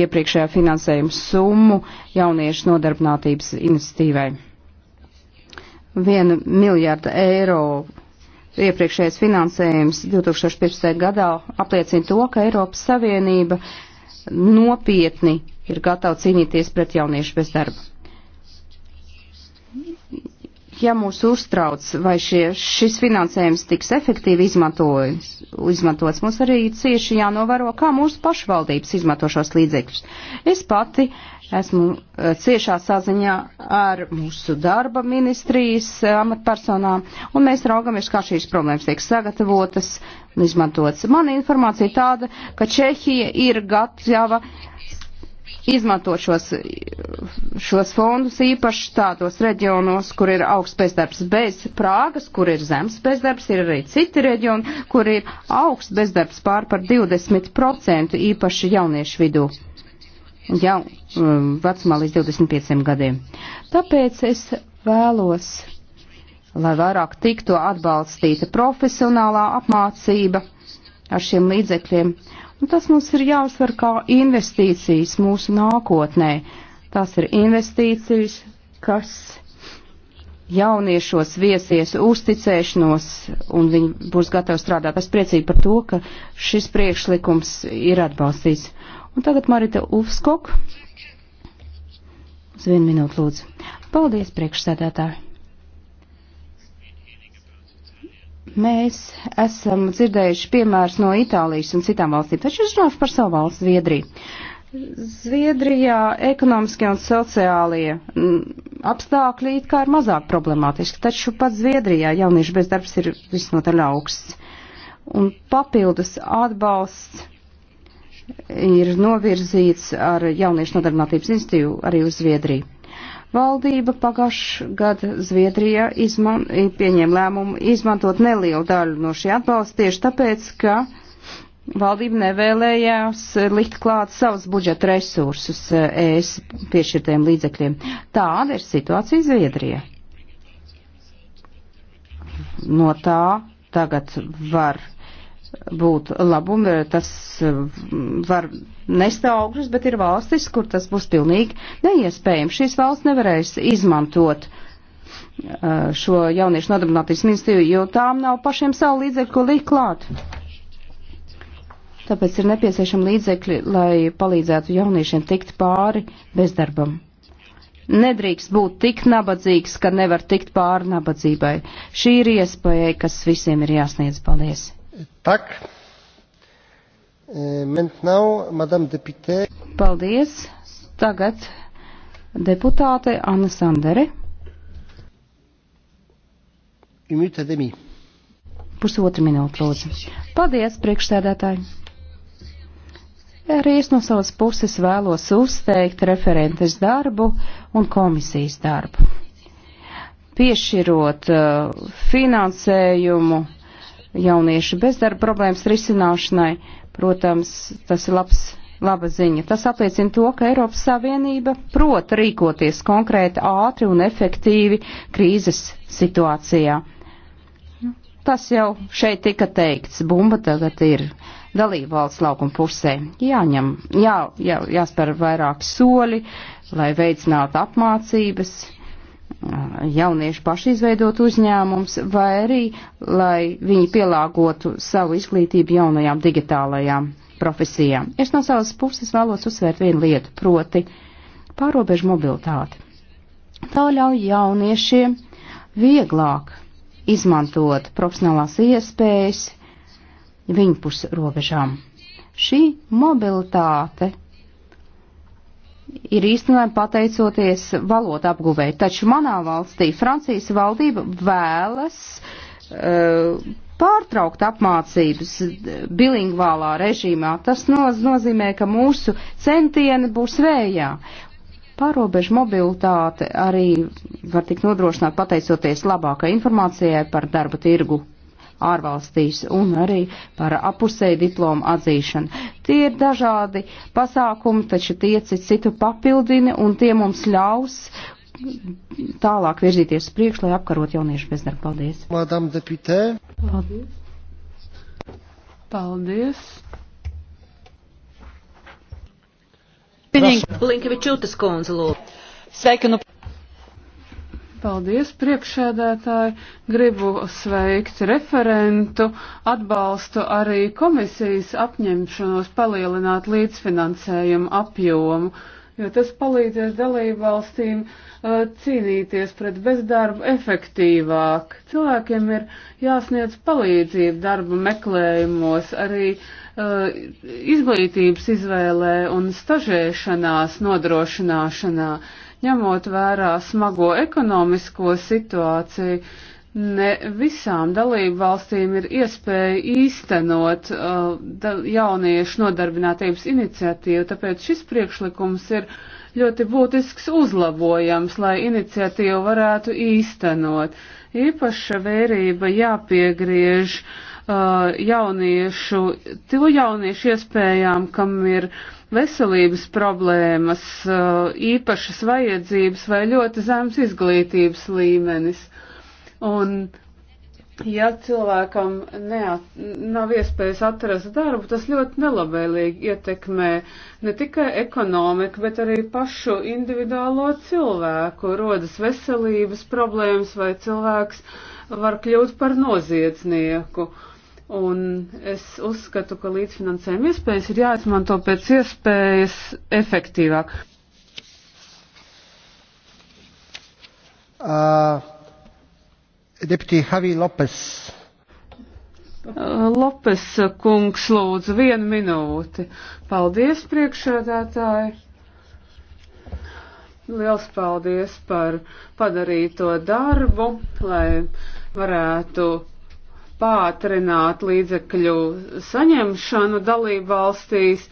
Speaker 3: iepriekšējā finansējuma summu jauniešu nodarbinātības iniciatīvai. Viena miljārda eiro iepriekšējais finansējums 2015. gadā apliecina to, ka Eiropas Savienība nopietni ir gatava cīnīties pret jauniešu bezdarbu ja mūs uztrauc, vai šie, šis finansējums tiks efektīvi izmantots, mums arī cieši jānovēro, kā mūsu pašvaldības izmanto šos līdzekļus. Es pati esmu eh, ciešā saziņā ar mūsu darba ministrijas eh, amatpersonām, un mēs raugamies, kā šīs problēmas tiek sagatavotas un izmantotas. Mana informācija tāda, ka Čehija ir gatava izmantot šos, šos fondus īpaši tādos reģionos, kur ir augsts bezdarbs bez Prāgas, kur ir zems bezdarbs, ir arī citi reģioni, kur ir augsts bezdarbs pār par 20% īpaši jauniešu vidū. Jau um, vecumā līdz 25 gadiem. Tāpēc es vēlos, lai vairāk tiktu atbalstīta profesionālā apmācība ar šiem līdzekļiem Un nu, tas mums ir jāuzsver kā investīcijas mūsu nākotnē. Tās ir investīcijas, kas jauniešos viesies uzticēšanos un viņi būs gatavi strādāt. Es priecīgi par to, ka šis priekšlikums ir atbalstīts. Un tagad Marita Uvskok. Uz vienu minūtu lūdzu. Paldies, priekšsēdētāji. Mēs esam dzirdējuši piemērus no Itālijas un citām valstīm, taču es runāšu par savu valsts Zviedriju. Zviedrijā ekonomiskie un sociālie mm, apstākļi it kā ir mazāk problemātiski, taču pat Zviedrijā jauniešu bezdarbs ir visnotaļ augsts. Un papildus atbalsts ir novirzīts ar jauniešu nodarbinātības institīvu arī uz Zviedriju. Valdība pagājušā gada Zviedrijā izman, pieņēma lēmumu izmantot nelielu daļu no šī atbalsta tieši tāpēc, ka valdība nevēlējās likt klāt savus budžeta resursus eh, ES piešķirtiem līdzekļiem. Tāda ir situācija Zviedrijā. No tā tagad var būt labumi, eh, tas eh, var nest augļus, bet ir valstis, kur tas būs pilnīgi neiespējami. Šīs valsts nevarēs izmantot eh, šo jauniešu nodarbinātības ministriju, jo tām nav pašiem savu līdzekļu, ko likt klāt. Tāpēc ir nepieciešama līdzekļi, lai palīdzētu jauniešiem tikt pāri bezdarbam. Nedrīkst būt tik nabadzīgs, ka nevar tikt pāri nabadzībai. Šī ir iespēja, kas visiem ir jāsniedz. Paldies! Tak. Eh, now, Paldies. Tagad deputāte Anna Sandere. Pusotra minūte, lūdzu. Paldies, priekšsēdētāji. Arī es no savas puses vēlos uzteikt referentes darbu un komisijas darbu. Piešķirot uh, finansējumu jauniešu bezdarba problēmas risināšanai. Protams, tas ir labs, laba ziņa. Tas apliecina to, ka Eiropas Savienība prot rīkoties konkrēti ātri un efektīvi krīzes situācijā. Tas jau šeit tika teikts. Bumba tagad ir dalībvalsts laukuma pusē. Jāņem, jā, jā, jāspēr vairāk soļi, lai veicinātu apmācības jaunieši paši izveidot uzņēmums, vai arī, lai viņi pielāgotu savu izglītību jaunajām digitālajām profesijām. Es no savas puses vēlos uzsvērt vienu lietu, proti pārobežu mobilitāti. Tā ļauj jauniešiem vieglāk izmantot profesionālās iespējas viņpus robežām. Šī mobilitāte ir īstenojami pateicoties valodu apguvē. Taču manā valstī Francijas valdība vēlas uh, pārtraukt apmācības bilingvālā režīmā. Tas noz nozīmē, ka mūsu centieni būs vējā. Pārobežu mobilitāte arī var tikt nodrošināt pateicoties labākai informācijai par darba tirgu ārvalstīs un arī par apusēju diplomu atzīšanu. Tie ir dažādi pasākumi, taču tie citu papildini un tie mums ļaus tālāk virzīties priekš, lai apkarot jauniešu bezdarbu. Paldies! Madam deputē! Paldies! Paldies!
Speaker 2: Linkevičūtas konzulu. Sveikinu!
Speaker 4: Paldies, priekšēdētāji. Gribu sveikt referentu, atbalstu arī komisijas apņemšanos palielināt līdzfinansējumu apjomu, jo tas palīdzēs dalībvalstīm uh, cīnīties pret bezdarbu efektīvāk. Cilvēkiem ir jāsniedz palīdzību darba meklējumos, arī uh, izglītības izvēlē un stažēšanās nodrošināšanā. Uh, Ņemot vērā smago ekonomisko situāciju, ne visām dalību valstīm ir iespēja īstenot uh, da, jauniešu nodarbinātības iniciatīvu, tāpēc šis priekšlikums ir ļoti būtisks uzlabojams, lai iniciatīvu varētu īstenot. Īpaša vērība jāpiegriež uh, jauniešu, to jauniešu iespējām, kam ir uh, veselības problēmas, eh, īpašas vajadzības vai ļoti zems izglītības līmenis. Un, ja cilvēkam neat, nav iespējas atrast darbu, tas ļoti nelabvēlīgi ietekmē ne tikai ekonomiku, bet arī pašu individuālo cilvēku. Rodas veselības problēmas vai cilvēks var kļūt par noziedznieku. Uh, Un es uzskatu, ka līdzfinansējuma iespējas ir jāizmanto pēc iespējas efektīvāk.
Speaker 1: Uh, Deputī Havī Lopes.
Speaker 4: Uh, Lopes kungs lūdzu vienu minūti. Paldies priekšādātāji. Liels paldies par padarīto darbu, lai varētu pātrināt līdzekļu saņemšanu dalību valstīs,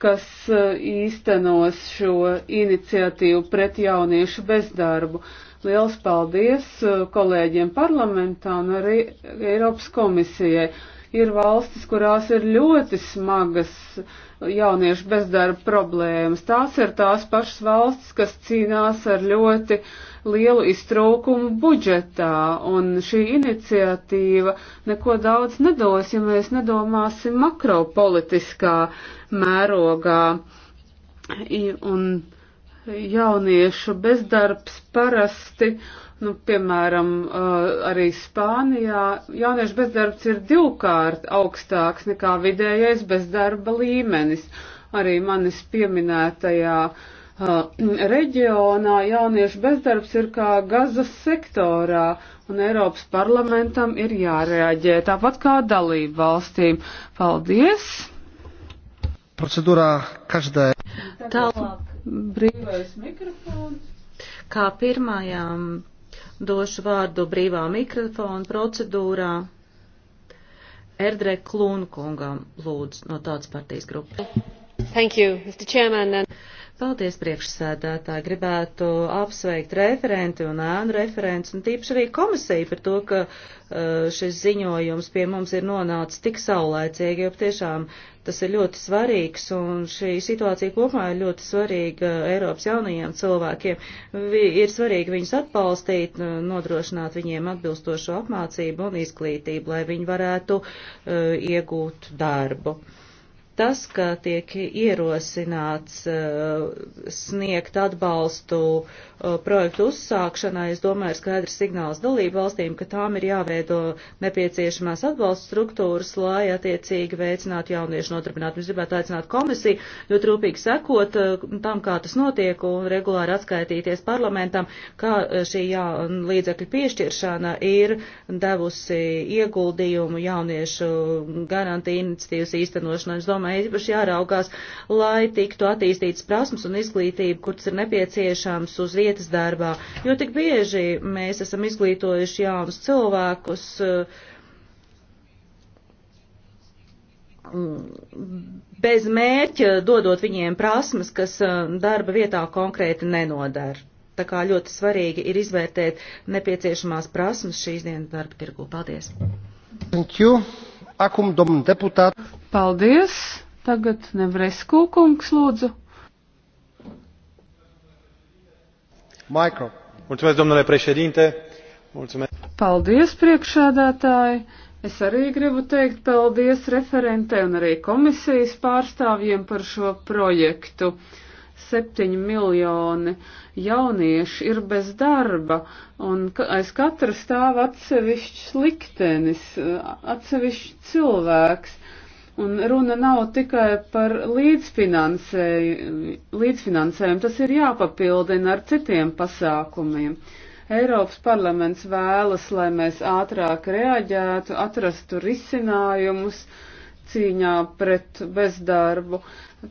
Speaker 4: kas e, īstenos šo iniciatīvu pret jauniešu bezdarbu. Liels paldies e, kolēģiem parlamentā un arī Eiropas komisijai. Ir valstis, kurās ir ļoti smagas jauniešu bezdarba problēmas. Tās ir tās pašas valstis, kas cīnās ar ļoti uh, lielu iztraukumu budžetā, un šī iniciatīva neko daudz nedos, ja mēs nedomāsim makropolitiskā mērogā. Un jauniešu bezdarbs parasti, nu, piemēram, arī Spānijā, jauniešu bezdarbs ir divkārt augstāks nekā vidējais bezdarba līmenis. Arī manis pieminētajā uh, Uh, reģionā jauniešu bezdarbs ir kā gazas sektorā, un Eiropas parlamentam ir jārēģē, tāpat kā dalību valstīm. Paldies!
Speaker 1: Procedūrā každai.
Speaker 4: Tālāk brīvais mikrofons.
Speaker 2: Kā pirmajām došu vārdu brīvā mikrofona procedūrā. Erdre Klūnkungam lūdzu no tāds partijas grupas. Thank you, Mr. Chairman. And... Paldies, priekšsēdētāji. Gribētu apsveikt referenti un ēnu referents un tīpaši arī komisiju par to, ka uh, šis ziņojums pie mums ir nonācis tik saulēcīgi, jo tiešām tas ir ļoti svarīgs un šī situācija kopumā ir ļoti svarīga Eiropas jaunajiem cilvēkiem. Vi, ir svarīgi viņus atbalstīt, uh, nodrošināt viņiem atbilstošo apmācību un izglītību, lai viņi varētu uh, iegūt darbu. Uh, Tas, ka tiek ierosināts eh, sniegt atbalstu eh, projektu uzsākšanai, es domāju, ir skaidrs signāls dalību valstīm, ka tām ir jāveido nepieciešamās atbalsta struktūras, lai attiecīgi veicinātu jauniešu nodarbinātību. Es gribētu aicināt komisiju ļoti rūpīgi sekot eh, tam, kā tas notiek un regulāri atskaitīties parlamentam, kā šī jā, līdzekļu piešķiršana ir devusi ieguldījumu jauniešu mm, garantiju iniciatīvas īstenošanai programmai īpaši jāraugās, lai tiktu attīstītas prasmes un izglītība, kur tas ir nepieciešams uz vietas darbā. Jo tik bieži mēs esam izglītojuši jaunus cilvēkus. Bez mērķa dodot viņiem prasmes, kas eh, darba vietā konkrēti nenodara. Tā kā ļoti svarīgi ir izvērtēt nepieciešamās prasmes šīs dienas darba tirgu. Paldies!
Speaker 4: Thank you. Acum, domn deputāt. Paldies. Tagad Nevresku kungs lūdzu.
Speaker 1: Maikro. Mulțumesc, domnule președinte. Mulțumesc.
Speaker 4: Paldies, priekšādātāji. Es arī gribu teikt paldies referentē un arī komisijas pārstāvjiem par šo projektu. 7 miljoni jaunieši ir bez darba, un aiz katra stāv atsevišķs liktenis, atsevišķs cilvēks. Un runa nav tikai par līdzfinansēju, līdzfinansējumu, tas ir jāpapildina ar citiem pasākumiem. Eiropas parlaments vēlas, lai mēs ātrāk reaģētu, atrastu risinājumus, uh, cīņā pret bezdarbu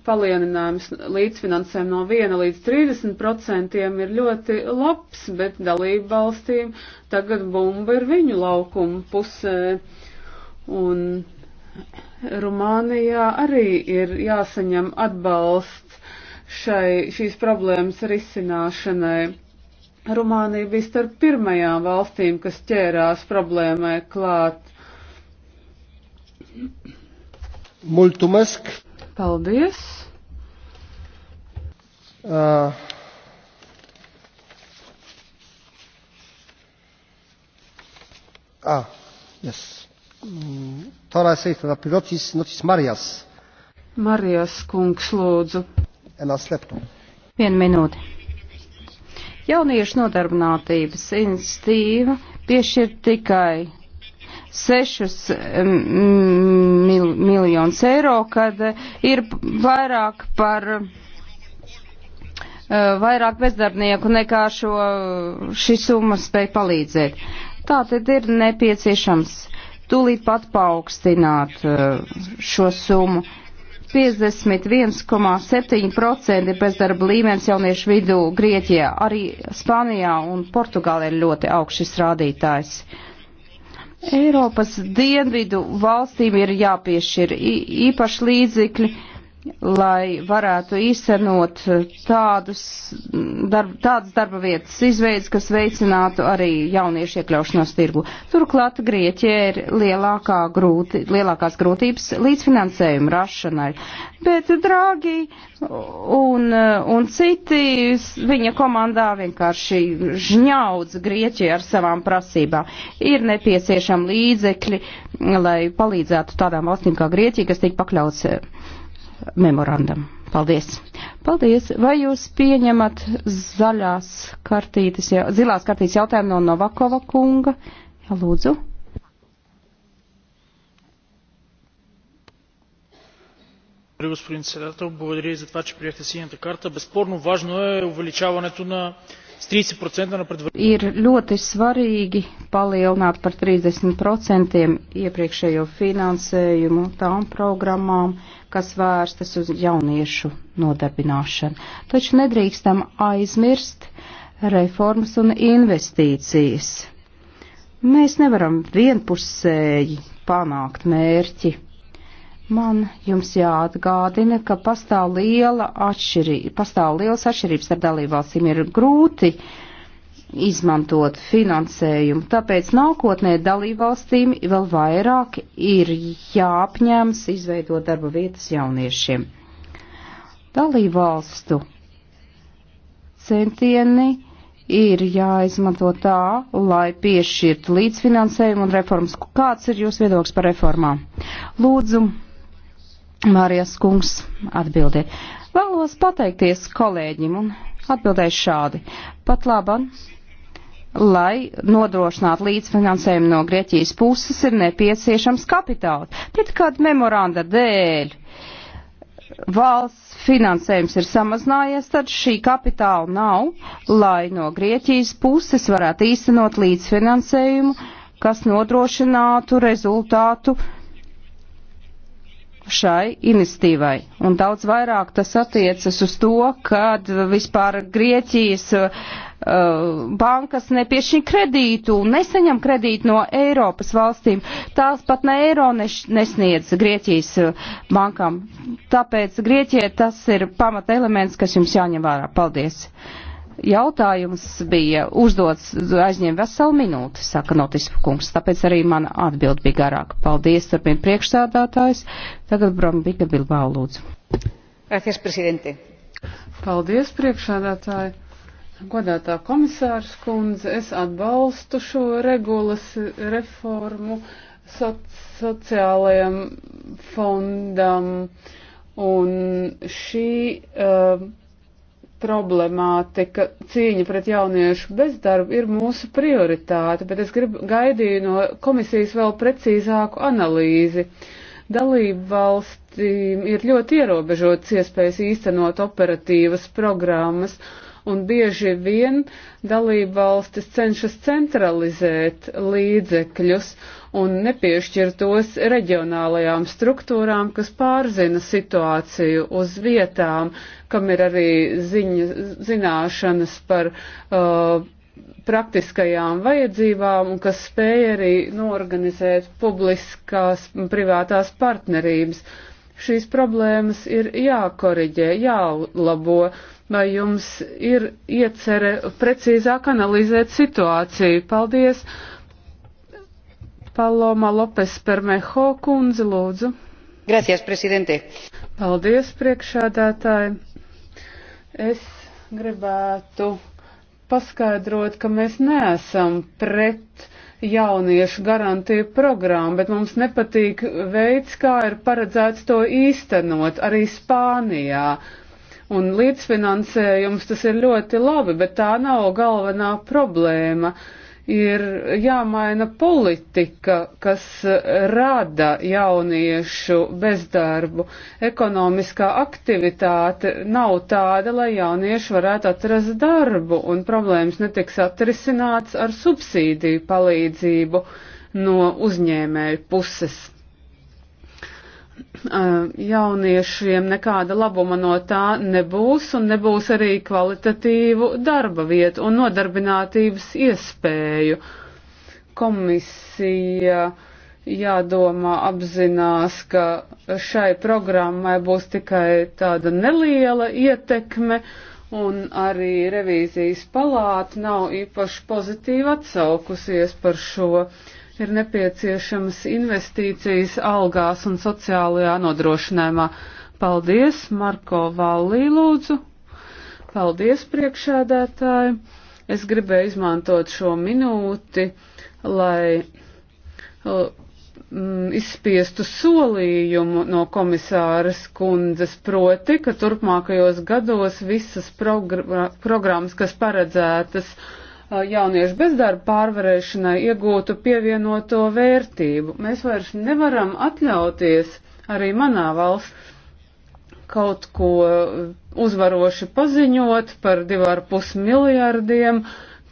Speaker 4: palielinājums līdzfinansēm no 1 līdz 30 procentiem ir ļoti labs, bet dalību valstīm tagad bumba ir viņu laukuma pusē. Un Rumānijā arī ir jāsaņem atbalsts šai, šīs problēmas risināšanai. Rumānija bija starp pirmajām valstīm, kas ķērās problēmai klāt. Thank you. Mulțumesc! Paldies! Uh, ah,
Speaker 1: yes. Tālāk ir tā pilotis Notis Marijas.
Speaker 3: Marijas kungs lūdzu. Elās lepnu. Vienu minūti. Jauniešu nodarbinātības institīva piešķir tikai 6 mil, miljonus eiro, kad ir vairāk par eh, vairāk bezdarbnieku nekā šo, šī summa spēja palīdzēt. Tā tad ir nepieciešams tūlīt pat paaugstināt eh, šo summu. 51,7% bezdarba līmenis jauniešu vidū Grieķijā, arī Spānijā un Portugālē ir ļoti augsts šis rādītājs. Uh, Eiropas dienvidu valstīm ir jāpiešķir īpaši līdzekļi lai varētu īstenot tādus darb, tādas darba vietas izveids, kas veicinātu arī jauniešu iekļaušanos tirgu. Turklāt Grieķija ir lielākā grūti, lielākās grūtības līdzfinansējuma rašanai, bet Dragi un, un citi viņa komandā vienkārši žņaudz Grieķiju ar savām prasībām. Ir nepieciešami līdzekļi, lai palīdzētu tādām valstīm kā Grieķija, kas tiek pakļauts memorandam. Paldies! Paldies! Vai jūs pieņemat zaļās kartītes, ja, zilās kartītes jautājumu no Novakova kunga? Jā, lūdzu.
Speaker 1: господин председател. Благодаря и за това, че приехте синята карта. Безспорно важно е увеличаването на с 30% на предварително.
Speaker 3: Ir ļoti svarīgi palielināt par 30% iepriekšējo finansējumu tām programmām, kas vērstas uz jauniešu nodarbināšanu. Taču nedrīkstam aizmirst reformas un investīcijas. Mēs nevaram vienpusēji panākt mērķi. Man jums jāatgādina, ka pastāv, liela atšķirība, pastāv liels atšķirības starp dalībvalstīm. Ir grūti uh, izmantot finansējumu. Tāpēc nākotnē dalībvalstīm vēl vairāk ir jāapņēmas izveidot darba vietas jauniešiem. Dalībvalstu centieni ir jāizmanto tā, lai piešķirtu līdzfinansējumu un reformas. Kāds ir jūs viedoklis par reformām? Lūdzu, Mārijas kungs atbildē. Vēlos pateikties kolēģim un atbildēšu šādi. Pat labam! lai nodrošinātu līdzfinansējumu no Grieķijas puses, ir nepieciešams kapitāls. Bet kāda memoranda dēļ valsts finansējums ir samazinājies, tad šī kapitāla nav, lai no Grieķijas puses varētu īstenot līdzfinansējumu, kas nodrošinātu rezultātu šai investīvai. Un daudz vairāk tas attiecas uz to, kad vispār Grieķijas uh, Uh, bankas nepiešķir kredītu, nesaņem kredītu no Eiropas valstīm. Tās pat ne eiro neš, nesniedz Grieķijas uh, bankām. Tāpēc Grieķijai tas ir pamata elements, kas jums jāņem vērā. Paldies! Jautājums bija uzdots aizņem veselu minūti, saka Notispa kungs, tāpēc arī mana atbild bija garāka. Paldies, turpin priekšsēdātājs. Tagad Brambika Bilbao lūdzu.
Speaker 4: Gracias, prezidente. Paldies, priekšsēdātāji. Godātā komisārs kundze, es atbalstu šo regulas reformu sociālajam fondam un šī uh, problemātika, cīņa pret jauniešu bezdarbu ir mūsu prioritāte, bet es gribu gaidīju no komisijas vēl precīzāku analīzi. Dalību valstīm ir ļoti ierobežotas iespējas īstenot operatīvas programmas un bieži vien dalībvalstis cenšas centralizēt līdzekļus un nepiešķir tos reģionālajām struktūrām, kas pārzina situāciju uz vietām, kam ir arī ziņa, zināšanas par uh, praktiskajām vajadzībām un kas spēja arī norganizēt publiskās un privātās partnerības. Šīs problēmas ir jākoriģē, jālabo, vai jums ir iecere precīzāk analizēt situāciju. Paldies! Paloma Lopes Permeho kundze, lūdzu. Gracias, prezidente. Paldies, priekšādātāji. Es gribētu paskaidrot, ka mēs neesam pret jauniešu garantiju programmu, bet mums nepatīk veids, kā ir paredzēts to īstenot arī Spānijā un līdzfinansējums tas ir ļoti labi, bet tā nav galvenā problēma. Ir jāmaina politika, kas rada jauniešu bezdarbu. Ekonomiskā aktivitāte nav tāda, lai jaunieši varētu atrast darbu, un problēmas netiks atrisināts ar subsīdiju palīdzību no uzņēmēju puses jauniešiem nekāda labuma no tā nebūs un nebūs arī kvalitatīvu darba vietu un nodarbinātības iespēju. Komisija jādomā apzinās, ka šai programmai būs tikai tāda neliela ietekme un arī revīzijas palāta nav īpaši pozitīvi atsaukusies par šo uh, ir nepieciešamas investīcijas algās un sociālajā nodrošinājumā. Paldies, Marko Vallī lūdzu. Paldies, priekšēdētāji. Es gribēju izmantot šo minūti, lai mm, izspiestu solījumu no komisāras kundzes proti, ka turpmākajos gados visas progr programmas, kas paredzētas, uh, jauniešu bezdarba pārvarēšanai iegūtu pievienoto vērtību. Mēs vairs nevaram atļauties arī manā valsts kaut ko uzvaroši paziņot par divu ar pus miljārdiem,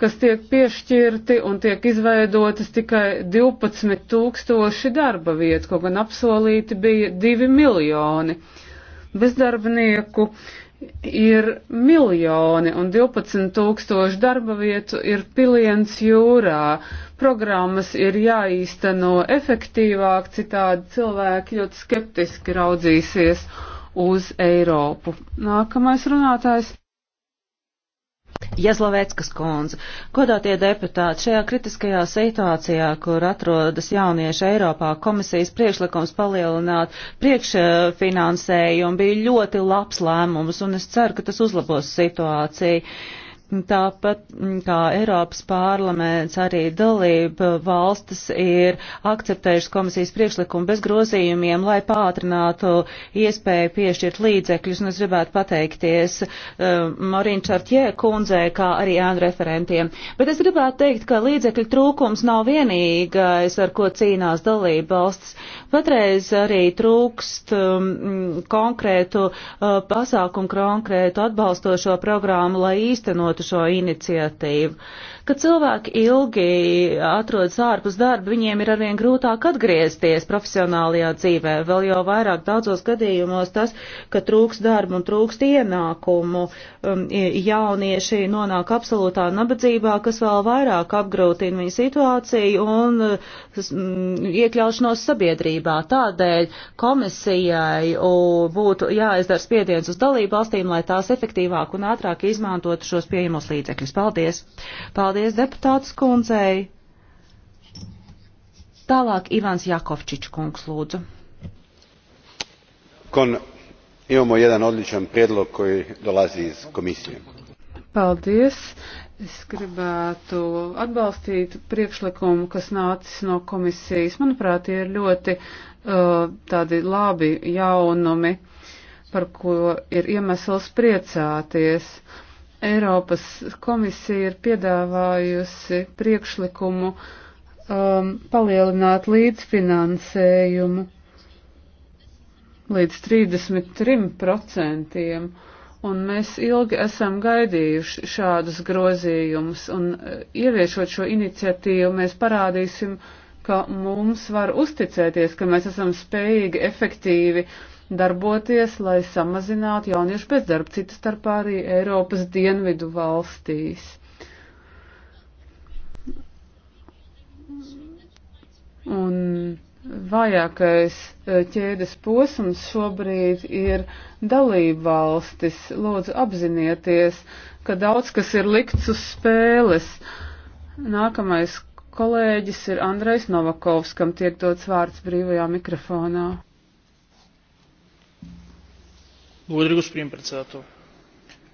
Speaker 4: kas tiek piešķirti un tiek izveidotas tikai 12 tūkstoši darba vietu, kaut gan apsolīti bija 2 miljoni. Bezdarbnieku ir miljoni un 12 tūkstoši darba vietu ir piliens jūrā. Programmas ir jāīsteno efektīvāk, citādi cilvēki ļoti skeptiski raudzīsies
Speaker 2: uz Eiropu. Nākamais runātājs. Jezlovēckas kundze, godātie deputāti, šajā kritiskajā situācijā, kur atrodas jaunieši Eiropā, komisijas priekšlikums palielināt priekšfinansējumu bija ļoti labs lēmums, un es ceru, ka tas uzlabos situāciju. Uh, Tāpat mm, kā Eiropas parlaments, arī dalība valstis ir akceptējušas komisijas priekšlikumu bez grozījumiem, lai pātrinātu iespēju piešķirt līdzekļus. Un es gribētu pateikties uh, eh, Marīna Čartjē kundzei, kā arī ēnu referentiem. Bet es gribētu teikt, ka līdzekļu trūkums nav vienīgais, ar ko cīnās dalība valstis. Patreiz arī trūkst um, konkrētu uh, pasākumu, konkrētu atbalstošo programmu, lai īstenotu atbalstu šo iniciatīvu. Kad cilvēki ilgi atrodas ārpus darba, viņiem ir arvien grūtāk atgriezties profesionālajā dzīvē, vēl jau vairāk daudzos gadījumos tas, ka trūks darba un trūkst ienākumu, um, jaunieši nonāk absolūtā nabadzībā, kas vēl vairāk apgrūtina viņu situāciju un mm, iekļaušanos sabiedrībā. Tādēļ komisijai būtu jāizdara spiediens uz dalību valstīm, lai tās efektīvāk un ātrāk izmantotu šos pieejamus pieejamos līdzekļus. Paldies! Paldies deputātas kundzei! Tālāk Ivans Jakovčič kungs lūdzu.
Speaker 1: Kon, imamo jedan odličan prijedlog koji dolazi iz komisije.
Speaker 2: Paldies!
Speaker 4: Es gribētu atbalstīt priekšlikumu, kas nācis no komisijas. Manuprāt, tie ir ļoti uh, tādi labi jaunumi, par ko ir iemesls priecāties. Uh, Eiropas komisija ir piedāvājusi priekšlikumu um, palielināt līdzfinansējumu līdz 33%, un mēs ilgi esam gaidījuši šādus grozījumus, un uh, ieviešot šo iniciatīvu, mēs parādīsim, ka mums var uzticēties, ka mēs esam spējīgi efektīvi darboties, lai samazinātu jauniešu bezdarbu, citas starpā arī Eiropas dienvidu valstīs. Un vājākais eh, ķēdes posms šobrīd ir dalība valstis. Lūdzu apzinieties, ka daudz kas ir likts uz spēles. Nākamais kolēģis ir Andrejs Novakovs, kam tiek dots vārds brīvajā mikrofonā.
Speaker 1: Благодаря, господин председател.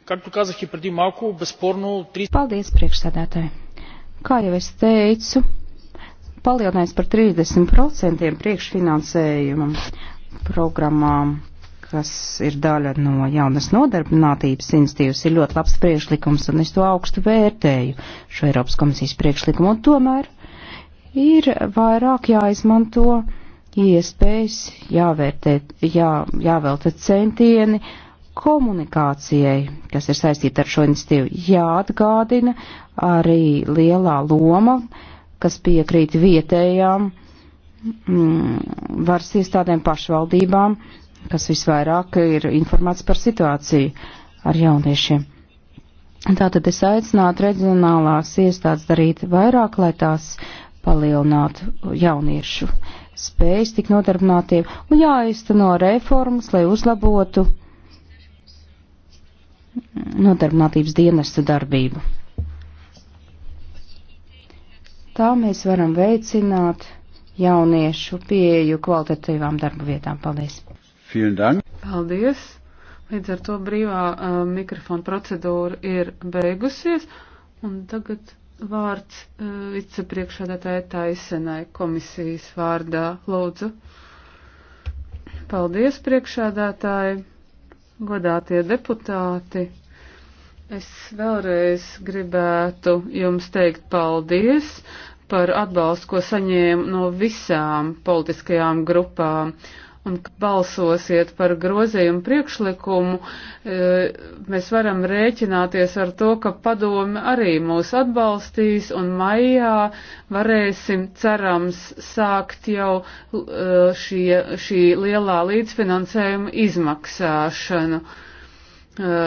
Speaker 1: Както казах и преди малко, безспорно...
Speaker 3: 30... Paldies, priekšsēdētāji. Kā jau es teicu, palielinājums par 30% priekšfinansējumam programmām, kas ir daļa no jaunas nodarbinātības institīvas, ir ļoti labs priekšlikums, un es to augstu vērtēju, šo Eiropas komisijas priekšlikumu, un tomēr ir vairāk jāizmanto iespējas, jāvērtē, jā, jāvelta centieni komunikācijai, kas ir saistīta ar šo institīvu. Jāatgādina arī lielā loma, kas piekrīt vietējām mm, varas iestādēm pašvaldībām, kas visvairāk ir informēts par situāciju ar jauniešiem. Tātad es aicinātu reģionālās iestādes darīt vairāk, lai tās palielinātu jauniešu spējas tik nodarbinātiem un jāizteno reformas, lai uzlabotu nodarbinātības dienesta darbību. Tā mēs varam veicināt jauniešu pieeju kvalitatīvām darba vietām. Paldies!
Speaker 4: Paldies! Līdz ar to brīvā uh, mikrofona procedūra ir beigusies, un tagad vārds eh, vicepriekšādātāja Taisenai komisijas vārdā. Lūdzu. Paldies, priekšādātāji, godātie deputāti. Es vēlreiz gribētu jums teikt paldies par atbalstu, ko saņēmu no visām politiskajām grupām. Uh, un ka balsosiet par grozījumu priekšlikumu, e, mēs varam rēķināties ar to, ka padomi arī mūs atbalstīs un maijā varēsim cerams sākt jau e, šī, šī lielā līdzfinansējuma izmaksāšanu. E,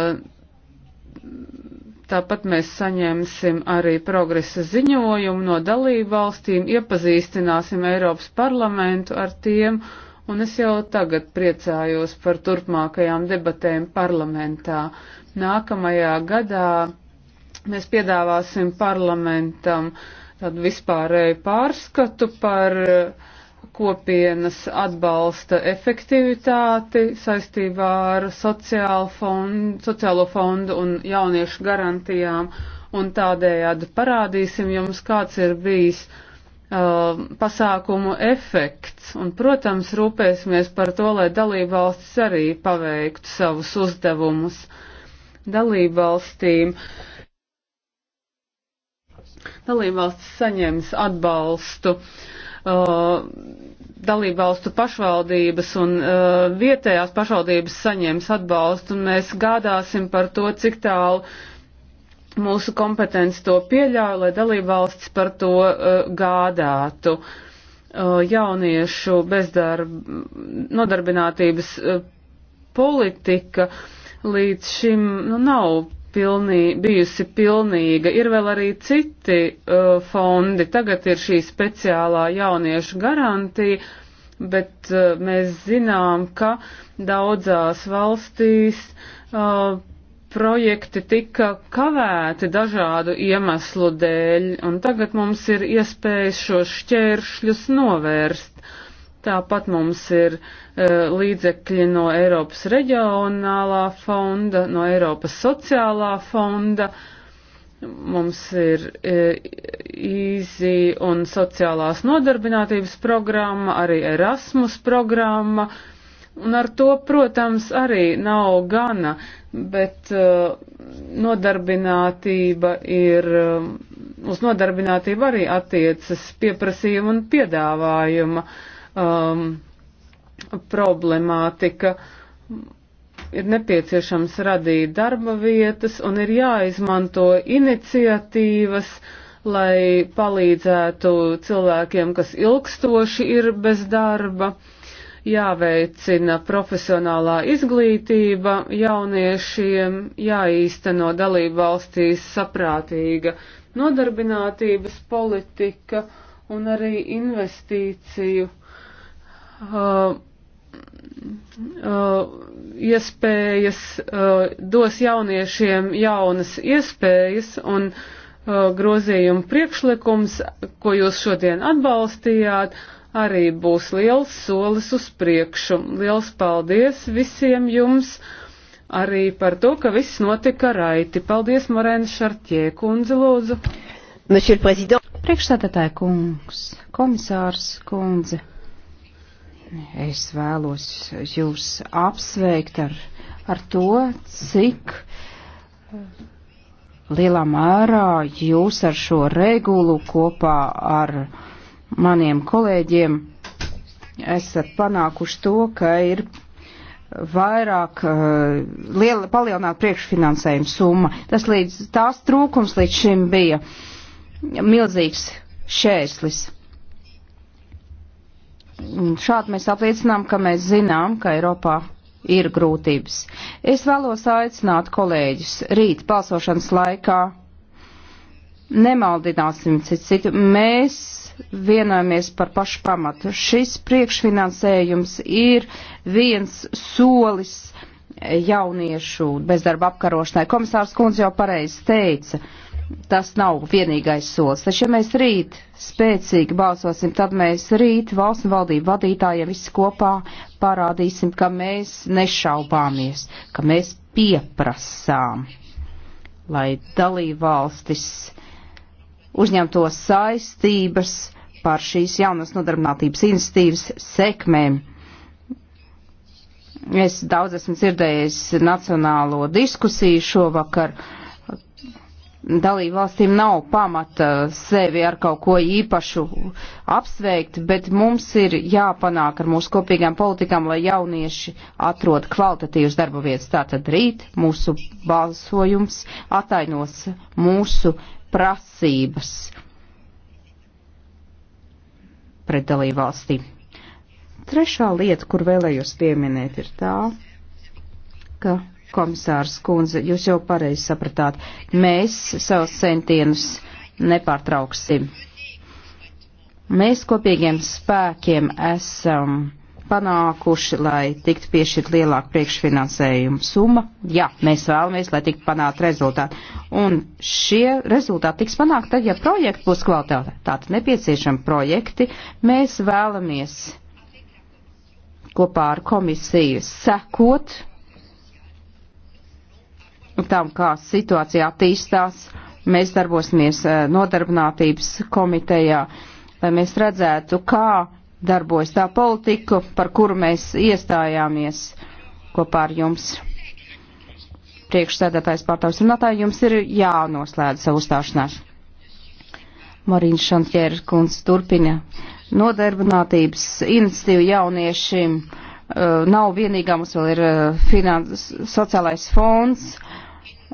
Speaker 4: tāpat mēs saņemsim arī progresa ziņojumu no dalību valstīm, iepazīstināsim Eiropas parlamentu ar tiem un es jau tagad priecājos par turpmākajām debatēm parlamentā. Nākamajā gadā mēs piedāvāsim parlamentam tādu vispārēju pārskatu par eh, kopienas atbalsta efektivitāti saistībā ar fondu, sociālo fondu un jauniešu garantijām, un tādējādi parādīsim jums, kāds ir bijis uh, Uh, pasākumu efekts, un, protams, rūpēsimies par to, lai dalībvalstis arī paveiktu savus uzdevumus dalībvalstīm. Dalībvalstis saņems atbalstu, uh, dalībvalstu pašvaldības un uh, vietējās pašvaldības saņems atbalstu, un mēs gādāsim par to, cik tālu mūsu kompetence to pieļauj, lai dalībvalstis par to uh, gādātu. Uh, jauniešu bezdarba nodarbinātības uh, politika līdz šim nu, nav pilnī, bijusi pilnīga. Ir vēl arī citi uh, fondi. Tagad ir šī speciālā jauniešu garantija, bet uh, mēs zinām, ka daudzās valstīs uh, projekti tika kavēti dažādu iemeslu dēļ, un tagad mums ir iespējas šos šķēršļus novērst. Tāpat mums ir e, līdzekļi no Eiropas reģionālā fonda, no Eiropas sociālā fonda, mums ir īzī e, e un sociālās nodarbinātības programma, arī Erasmus programma, e, Un ar to, protams, arī nav gana, bet uh, nodarbinātība ir, uh, uz nodarbinātību arī attiecas pieprasījuma un piedāvājuma um, problemātika. Ir nepieciešams radīt darba vietas un ir jāizmanto iniciatīvas, lai palīdzētu cilvēkiem, kas ilgstoši ir bez darba. Uh, jāveicina profesionālā izglītība jauniešiem, jāīsteno dalību valstīs saprātīga nodarbinātības politika un arī investīciju uh, uh, iespējas, uh, dos jauniešiem jaunas iespējas un uh, grozījumu priekšlikums, ko jūs šodien atbalstījāt, uh, arī būs liels solis uz priekšu. Liels paldies visiem jums arī par to, ka viss notika raiti. Paldies, Morēna Šarķie,
Speaker 3: kundze lūdzu. Priekšstādātāja kungs, komisārs kundze, es vēlos jūs apsveikt ar, ar to, cik lielā mērā jūs ar šo regulu kopā ar maniem kolēģiem esat panākuši to, ka ir vairāk, uh, liela, palielināt priekšfinansējuma summa. Tas līdz, tās trūkums līdz šim bija milzīgs šēslis. Šādi mēs apliecinām, ka mēs zinām, ka Eiropā ir grūtības. Es vēlos aicināt kolēģus rīt balsošanas laikā nemaldināsim citu citu. Mēs vienojamies par pašu pamatu. Šis priekšfinansējums ir viens solis jauniešu bezdarba apkarošanai. Komisārs Kunz jau pareizi teica, tas nav vienīgais solis. Taču, ja mēs rīt spēcīgi balsosim, tad mēs rīt valsts valdību vadītājiem visi kopā parādīsim, ka mēs nešaubāmies, ka mēs pieprasām, lai dalībvalstis valstis uzņemtos saistības par šīs jaunas nodarbinātības institīvas sekmēm. Es daudz esmu dzirdējis nacionālo diskusiju šovakar. Dalību valstīm nav pamata sevi ar kaut ko īpašu apsveikt, bet mums ir jāpanāk ar mūsu kopīgām politikām, lai jaunieši atrod kvalitatīvas darba vietas. Tātad rīt mūsu balsojums atainos mūsu prasības pret dalībvalstī. Trešā lieta, kur vēlējos pieminēt, ir tā, ka komisārs kundze, jūs jau pareizi sapratāt, mēs savus centienus nepārtrauksim. Mēs kopīgiem spēkiem esam panākuši, lai tiktu piešķirt lielāku priekšfinansējumu summa. Jā, mēs vēlamies, lai tiktu panākt rezultāti. Un šie rezultāti tiks panākt tad, ja projekti būs kvalitāte. Tātad nepieciešami projekti. Mēs vēlamies kopā ar komisiju sekot tam, kā situācija attīstās. Mēs darbosimies eh, nodarbinātības komitejā, lai mēs redzētu, kā darbojas tā politika, par kuru mēs iestājāmies kopā ar jums. Priekšsēdētājs pārtaus runātāji, jums ir jānoslēdz savu uzstāšanās. Marīna Šantjēra kundze turpina. Nodarbinātības iniciatīva jauniešiem uh, nav vienīgā, mums vēl ir uh, finans, sociālais fonds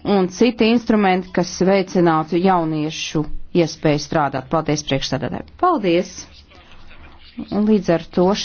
Speaker 3: un citi instrumenti, kas veicinātu jauniešu iespēju strādāt. Paldies priekšstādātāji. Paldies! Līdz ar to šī